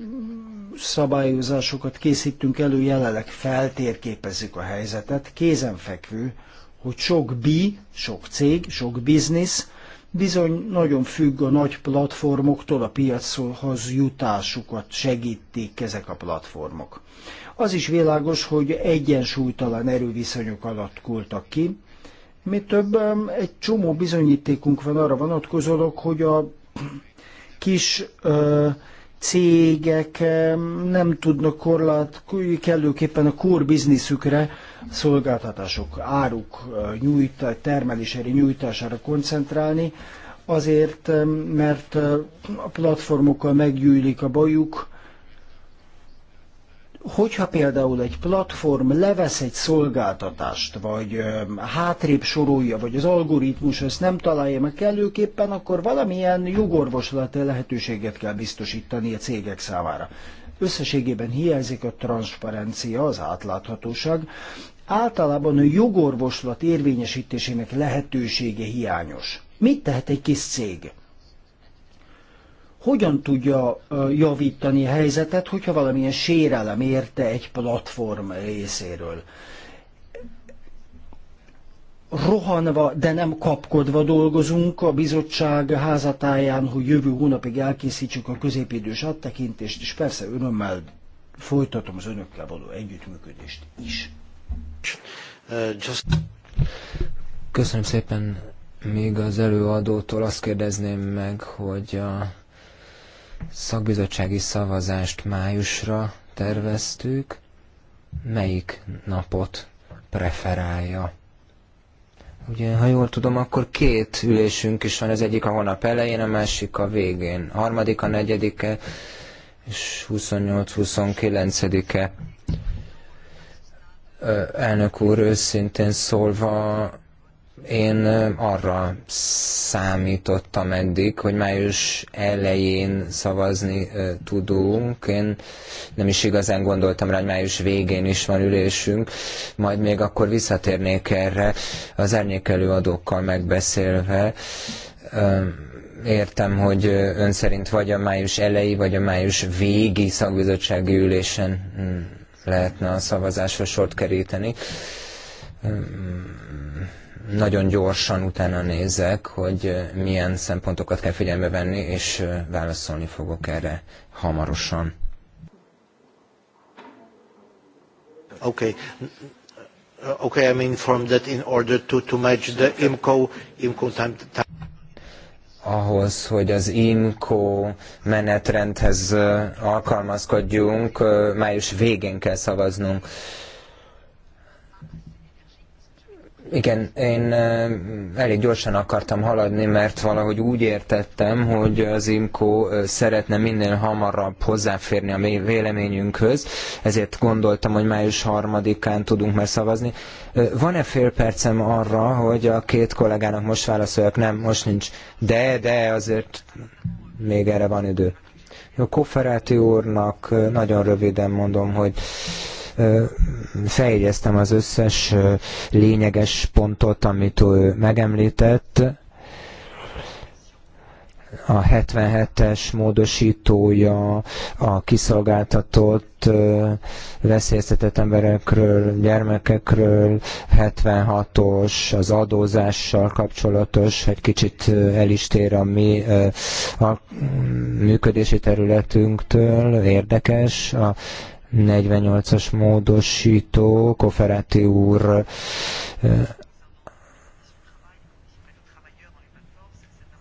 szabályozásokat készítünk elő, jelenleg feltérképezzük a helyzetet, kézenfekvő, hogy sok B, sok cég, sok biznisz bizony nagyon függ a nagy platformoktól, a piachoz jutásukat segítik ezek a platformok. Az is világos, hogy egyensúlytalan erőviszonyok alatt kultak ki, mi több, egy csomó bizonyítékunk van arra vonatkozólag, hogy a kis ö, cégek nem tudnak korlát kellőképpen a core bizniszükre szolgáltatások, áruk nyújt, termelésére nyújtására koncentrálni, azért, mert a platformokkal meggyűlik a bajuk, hogyha például egy platform levesz egy szolgáltatást, vagy hátrébb sorolja, vagy az algoritmus ezt nem találja meg kellőképpen, akkor valamilyen jogorvoslati lehetőséget kell biztosítani a cégek számára. Összességében hiányzik a transzparencia, az átláthatóság, általában a jogorvoslat érvényesítésének lehetősége hiányos. Mit tehet egy kis cég? Hogyan tudja javítani a helyzetet, hogyha valamilyen sérelem érte egy platform részéről? rohanva, de nem kapkodva dolgozunk a bizottság házatáján, hogy jövő hónapig elkészítsük a középidős áttekintést, és persze örömmel folytatom az önökkel való együttműködést
is. Köszönöm szépen. Még az előadótól azt kérdezném meg, hogy a szakbizottsági szavazást májusra terveztük. Melyik napot preferálja? Ugye, ha jól tudom, akkor két ülésünk is van, az egyik a hónap elején, a másik a végén. A harmadik, a negyedike és 28-29-e. Elnök úr, őszintén szólva, én arra számítottam eddig, hogy május elején szavazni tudunk. Én nem is igazán gondoltam rá, hogy május végén is van ülésünk. Majd még akkor visszatérnék erre az adókkal megbeszélve értem, hogy ön szerint vagy a május elejé, vagy a május végi szakbizottsági ülésen mm, lehetne a szavazásra sort keríteni. Mm, nagyon gyorsan utána nézek, hogy milyen szempontokat kell figyelme venni, és válaszolni fogok erre hamarosan. Okay. Okay, I'm informed that in order to, to match the IMCO, IMCO time, time ahhoz, hogy az IMCO menetrendhez alkalmazkodjunk, május végén kell szavaznunk. Igen, én elég gyorsan akartam haladni, mert valahogy úgy értettem, hogy az IMCO szeretne minél hamarabb hozzáférni a véleményünkhöz, ezért gondoltam, hogy május harmadikán tudunk már szavazni. Van-e fél percem arra, hogy a két kollégának most válaszoljak? Nem, most nincs. De, de azért még erre van idő. Jó, Kofferáti úrnak nagyon röviden mondom, hogy feljegyeztem az összes lényeges pontot, amit ő megemlített. A 77-es módosítója a kiszolgáltatott veszélyeztetett emberekről, gyermekekről, 76-os, az adózással kapcsolatos, egy kicsit el is tér a mi a működési területünktől, érdekes. A 48-as módosító, Koferáti úr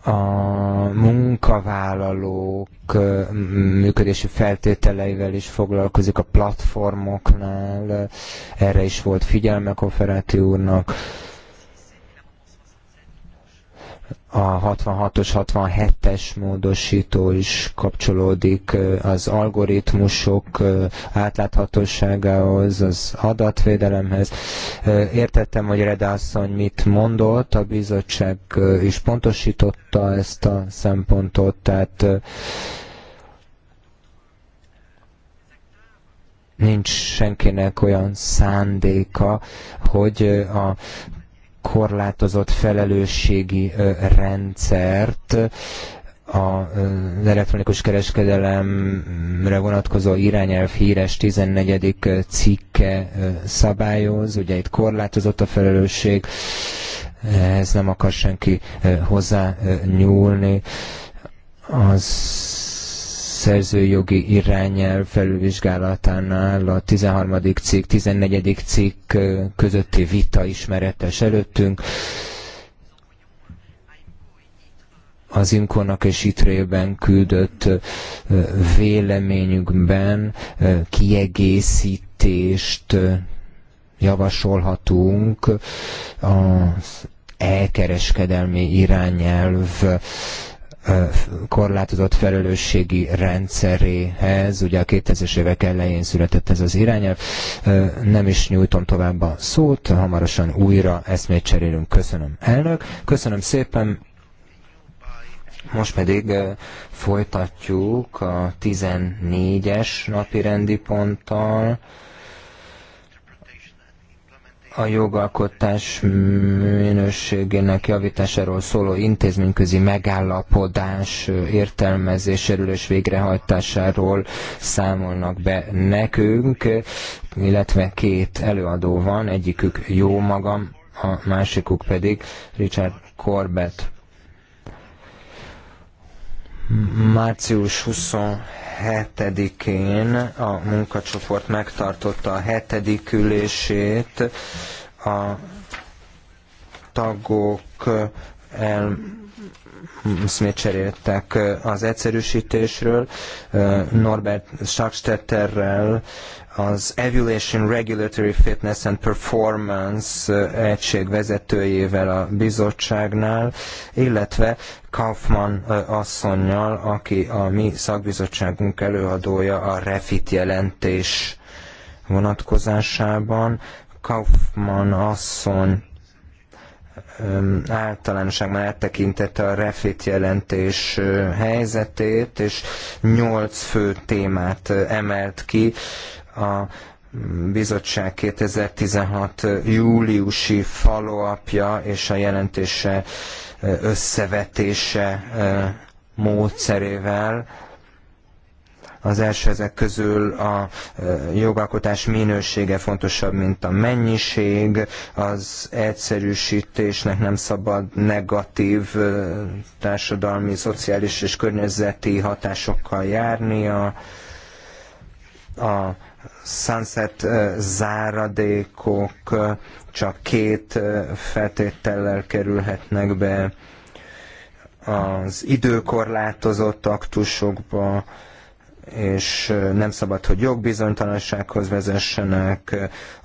a munkavállalók működési feltételeivel is foglalkozik a platformoknál, erre is volt figyelme Koferáti úrnak a 66-os, 67-es módosító is kapcsolódik az algoritmusok átláthatóságához, az adatvédelemhez. Értettem, hogy Redászony mit mondott, a bizottság is pontosította ezt a szempontot, tehát nincs senkinek olyan szándéka, hogy a korlátozott felelősségi rendszert, az elektronikus kereskedelemre vonatkozó irányelv híres 14. cikke szabályoz, ugye itt korlátozott a felelősség, ez nem akar senki hozzá nyúlni. Az szerzőjogi irányelv felülvizsgálatánál a 13. cikk, 14. cikk közötti vita ismeretes előttünk. Az Imkónak és Itrében küldött véleményükben kiegészítést javasolhatunk az elkereskedelmi irányelv korlátozott felelősségi rendszeréhez, ugye a 2000-es évek elején született ez az irányelv. Nem is nyújtom tovább a szót, hamarosan újra eszmét cserélünk. Köszönöm, elnök. Köszönöm szépen. Most pedig folytatjuk a 14-es napi rendi ponttal a jogalkotás minőségének javításáról szóló intézményközi megállapodás értelmezéséről és végrehajtásáról számolnak be nekünk, illetve két előadó van, egyikük jó magam, a másikuk pedig Richard Corbett Március 27-én a munkacsoport megtartotta a hetedik ülését. A tagok el cseréltek az egyszerűsítésről. Norbert Schackstedterrel az Evaluation Regulatory Fitness and Performance eh, egység vezetőjével a bizottságnál, illetve Kaufmann eh, asszonynal, aki a mi szakbizottságunk előadója a REFIT jelentés vonatkozásában. Kaufmann asszony általánosságban eltekintette a refit jelentés eh, helyzetét, és nyolc fő témát emelt ki, a bizottság 2016 júliusi falóapja és a jelentése összevetése módszerével. Az első ezek közül a jogalkotás minősége fontosabb, mint a mennyiség, az egyszerűsítésnek nem szabad negatív társadalmi, szociális és környezeti hatásokkal járnia, a sunset záradékok csak két feltétellel kerülhetnek be az időkorlátozott aktusokba, és nem szabad, hogy jogbizonytalansághoz vezessenek,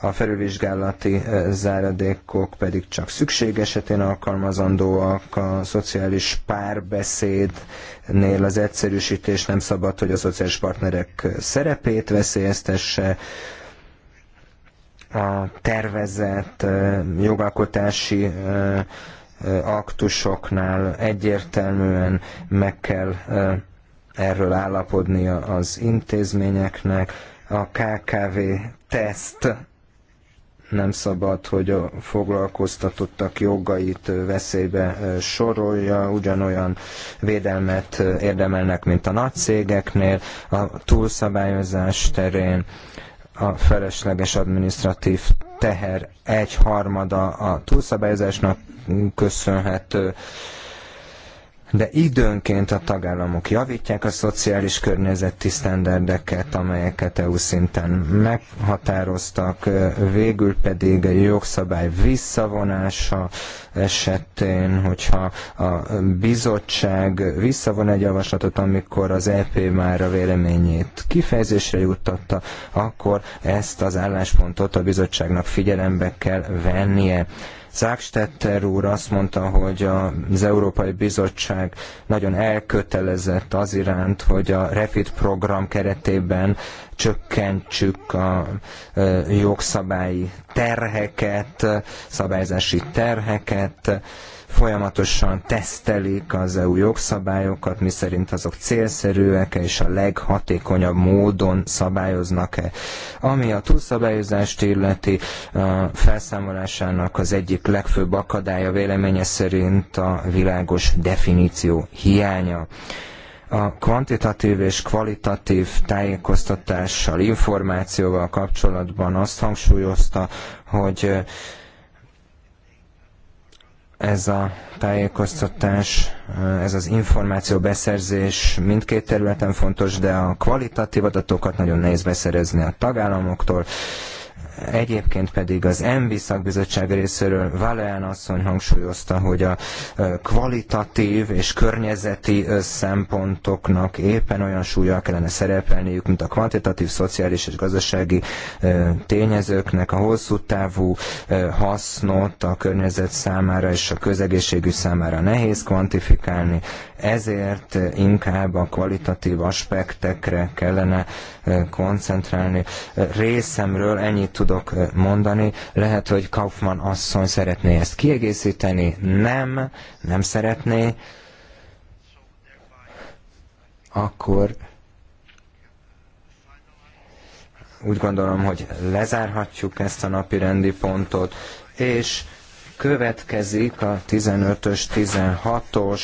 a felülvizsgálati záradékok pedig csak szükség esetén alkalmazandóak, a szociális párbeszédnél az egyszerűsítés nem szabad, hogy a szociális partnerek szerepét veszélyeztesse, a tervezett jogalkotási aktusoknál egyértelműen meg kell erről állapodni az intézményeknek. A KKV teszt nem szabad, hogy a foglalkoztatottak jogait veszélybe sorolja, ugyanolyan védelmet érdemelnek, mint a nagy cégeknél, a túlszabályozás terén, a felesleges adminisztratív teher egyharmada a túlszabályozásnak köszönhető, de időnként a tagállamok javítják a szociális környezeti sztenderdeket, amelyeket EU szinten meghatároztak, végül pedig a jogszabály visszavonása esetén, hogyha a bizottság visszavon egy javaslatot, amikor az EP már a véleményét kifejezésre juttatta, akkor ezt az álláspontot a bizottságnak figyelembe kell vennie. Zágstetter úr azt mondta, hogy az Európai Bizottság nagyon elkötelezett az iránt, hogy a REFIT program keretében csökkentsük a jogszabályi terheket, szabályzási terheket, folyamatosan tesztelik az EU jogszabályokat, miszerint azok célszerűek-e és a leghatékonyabb módon szabályoznak-e. Ami a túlszabályozást illeti felszámolásának az egyik legfőbb akadálya véleménye szerint a világos definíció hiánya a kvantitatív és kvalitatív tájékoztatással, információval kapcsolatban azt hangsúlyozta, hogy ez a tájékoztatás, ez az információ beszerzés mindkét területen fontos, de a kvalitatív adatokat nagyon nehéz beszerezni a tagállamoktól. Egyébként pedig az ENVI szakbizottság részéről Valéán asszony hangsúlyozta, hogy a kvalitatív és környezeti szempontoknak éppen olyan súlyjal kellene szerepelniük, mint a kvantitatív, szociális és gazdasági tényezőknek a hosszú távú hasznot a környezet számára és a közegészségügy számára nehéz kvantifikálni, ezért inkább a kvalitatív aspektekre kellene koncentrálni. Részemről ennyit tudok eh, mondani. Lehet, hogy Kaufmann asszony szeretné ezt kiegészíteni. Nem, nem szeretné. Akkor úgy gondolom, hogy lezárhatjuk ezt a napi rendi pontot, és következik a 15-ös, 16-os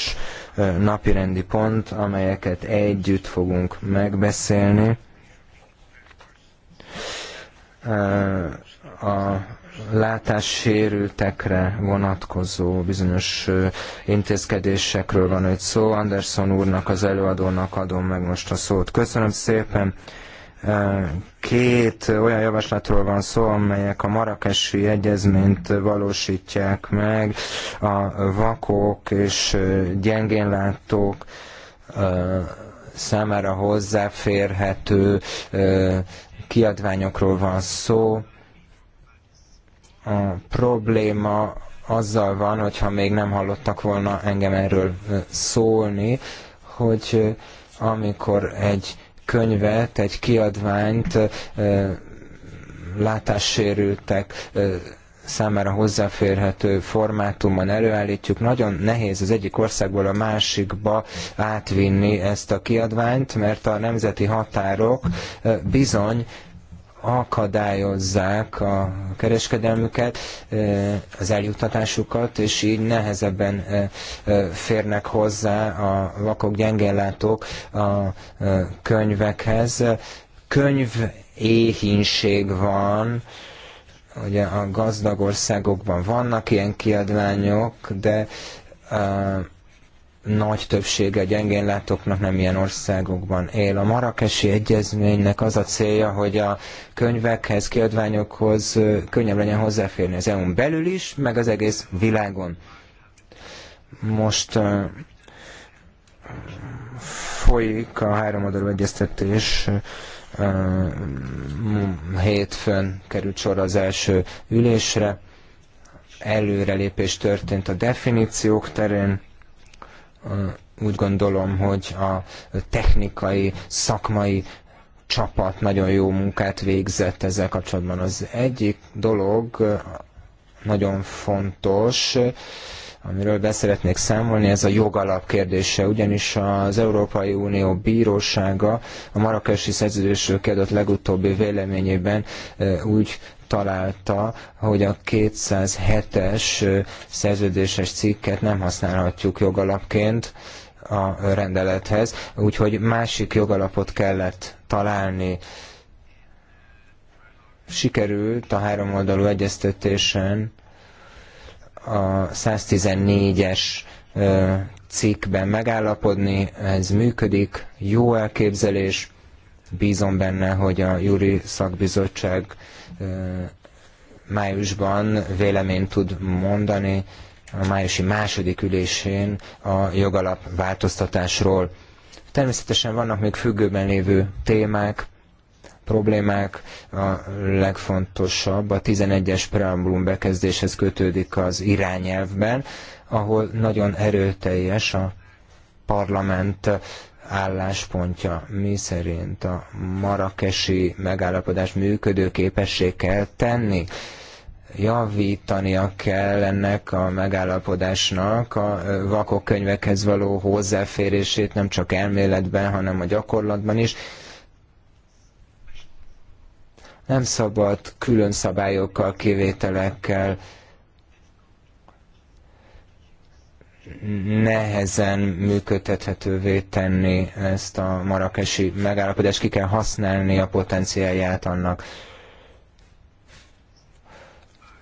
eh, napirendi pont, amelyeket együtt fogunk megbeszélni a látássérültekre vonatkozó bizonyos intézkedésekről van egy szó. Anderson úrnak, az előadónak adom meg most a szót. Köszönöm szépen. Két olyan javaslatról van szó, amelyek a marakesi egyezményt valósítják meg, a vakok és gyengénlátók számára hozzáférhető kiadványokról van szó. A probléma azzal van, hogyha még nem hallottak volna engem erről szólni, hogy amikor egy könyvet, egy kiadványt látássérültek számára hozzáférhető formátumban előállítjuk. Nagyon nehéz az egyik országból a másikba átvinni ezt a kiadványt, mert a nemzeti határok bizony akadályozzák a kereskedelmüket, az eljuttatásukat, és így nehezebben férnek hozzá a vakok, gyengellátók a könyvekhez. Könyv éhínség van, hogy a gazdag országokban vannak ilyen kiadványok, de uh, nagy többsége látóknak nem ilyen országokban él. A marakesi egyezménynek az a célja, hogy a könyvekhez, kiadványokhoz könnyebb legyen hozzáférni az EU-n belül is, meg az egész világon. Most uh, folyik a háromadalú egyeztetés Ehm, hétfőn került sor az első ülésre, előrelépés történt a definíciók terén, úgy gondolom, hogy a technikai, szakmai csapat nagyon jó munkát végzett ezzel kapcsolatban. Az egyik dolog nagyon fontos, amiről beszeretnék számolni, ez a jogalap kérdése, ugyanis az Európai Unió bírósága a marakesi szerződésről kiadott legutóbbi véleményében úgy találta, hogy a 207-es szerződéses cikket nem használhatjuk jogalapként a rendelethez, úgyhogy másik jogalapot kellett találni. Sikerült a háromoldalú egyeztetésen a 114-es cikkben megállapodni, ez működik, jó elképzelés, bízom benne, hogy a Júri Szakbizottság májusban véleményt tud mondani a májusi második ülésén a jogalap változtatásról. Természetesen vannak még függőben lévő témák, problémák. A legfontosabb a 11-es preambulum bekezdéshez kötődik az irányelvben, ahol nagyon erőteljes a parlament álláspontja, mi szerint a marakesi megállapodás működőképessé kell tenni javítania kell ennek a megállapodásnak a vakok könyvekhez való hozzáférését nem csak elméletben, hanem a gyakorlatban is, nem szabad külön szabályokkal, kivételekkel nehezen működtethetővé tenni ezt a marakesi megállapodást, ki kell használni a potenciáját annak.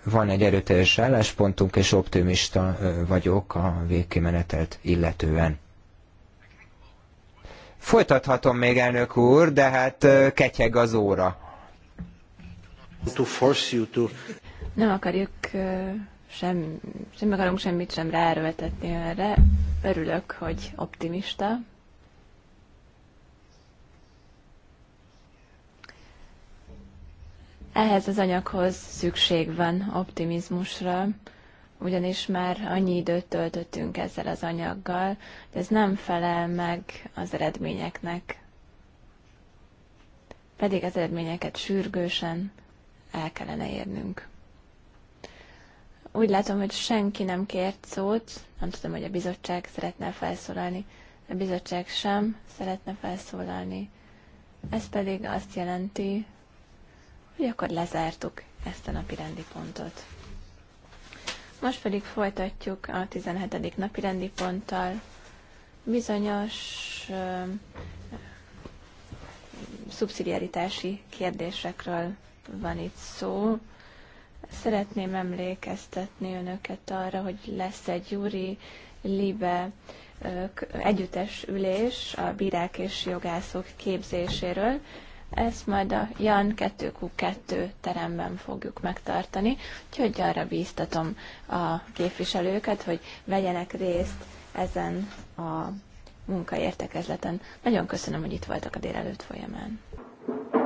Van egy erőteljes álláspontunk, és optimista vagyok a végkimenetet illetően. Folytathatom még, elnök úr, de hát ketyeg az óra.
Nem akarjuk sem, sem akarunk semmit sem ráerőltetni erre. Örülök, hogy optimista. Ehhez az anyaghoz szükség van optimizmusra, ugyanis már annyi időt töltöttünk ezzel az anyaggal, de ez nem felel meg az eredményeknek. Pedig az eredményeket sürgősen el kellene érnünk. Úgy látom, hogy senki nem kért szót, nem tudom, hogy a bizottság szeretne felszólalni, a bizottság sem szeretne felszólalni. Ez pedig azt jelenti, hogy akkor lezártuk ezt a napi rendi pontot. Most pedig folytatjuk a 17. napi rendi ponttal. Bizonyos uh, szubszidiaritási kérdésekről van itt szó. Szeretném emlékeztetni önöket arra, hogy lesz egy Júri Libe együttes ülés a bírák és jogászok képzéséről. Ezt majd a Jan 2Q2 teremben fogjuk megtartani, úgyhogy arra bíztatom a képviselőket, hogy vegyenek részt ezen a munkaértekezleten. Nagyon köszönöm, hogy itt voltak a délelőtt folyamán.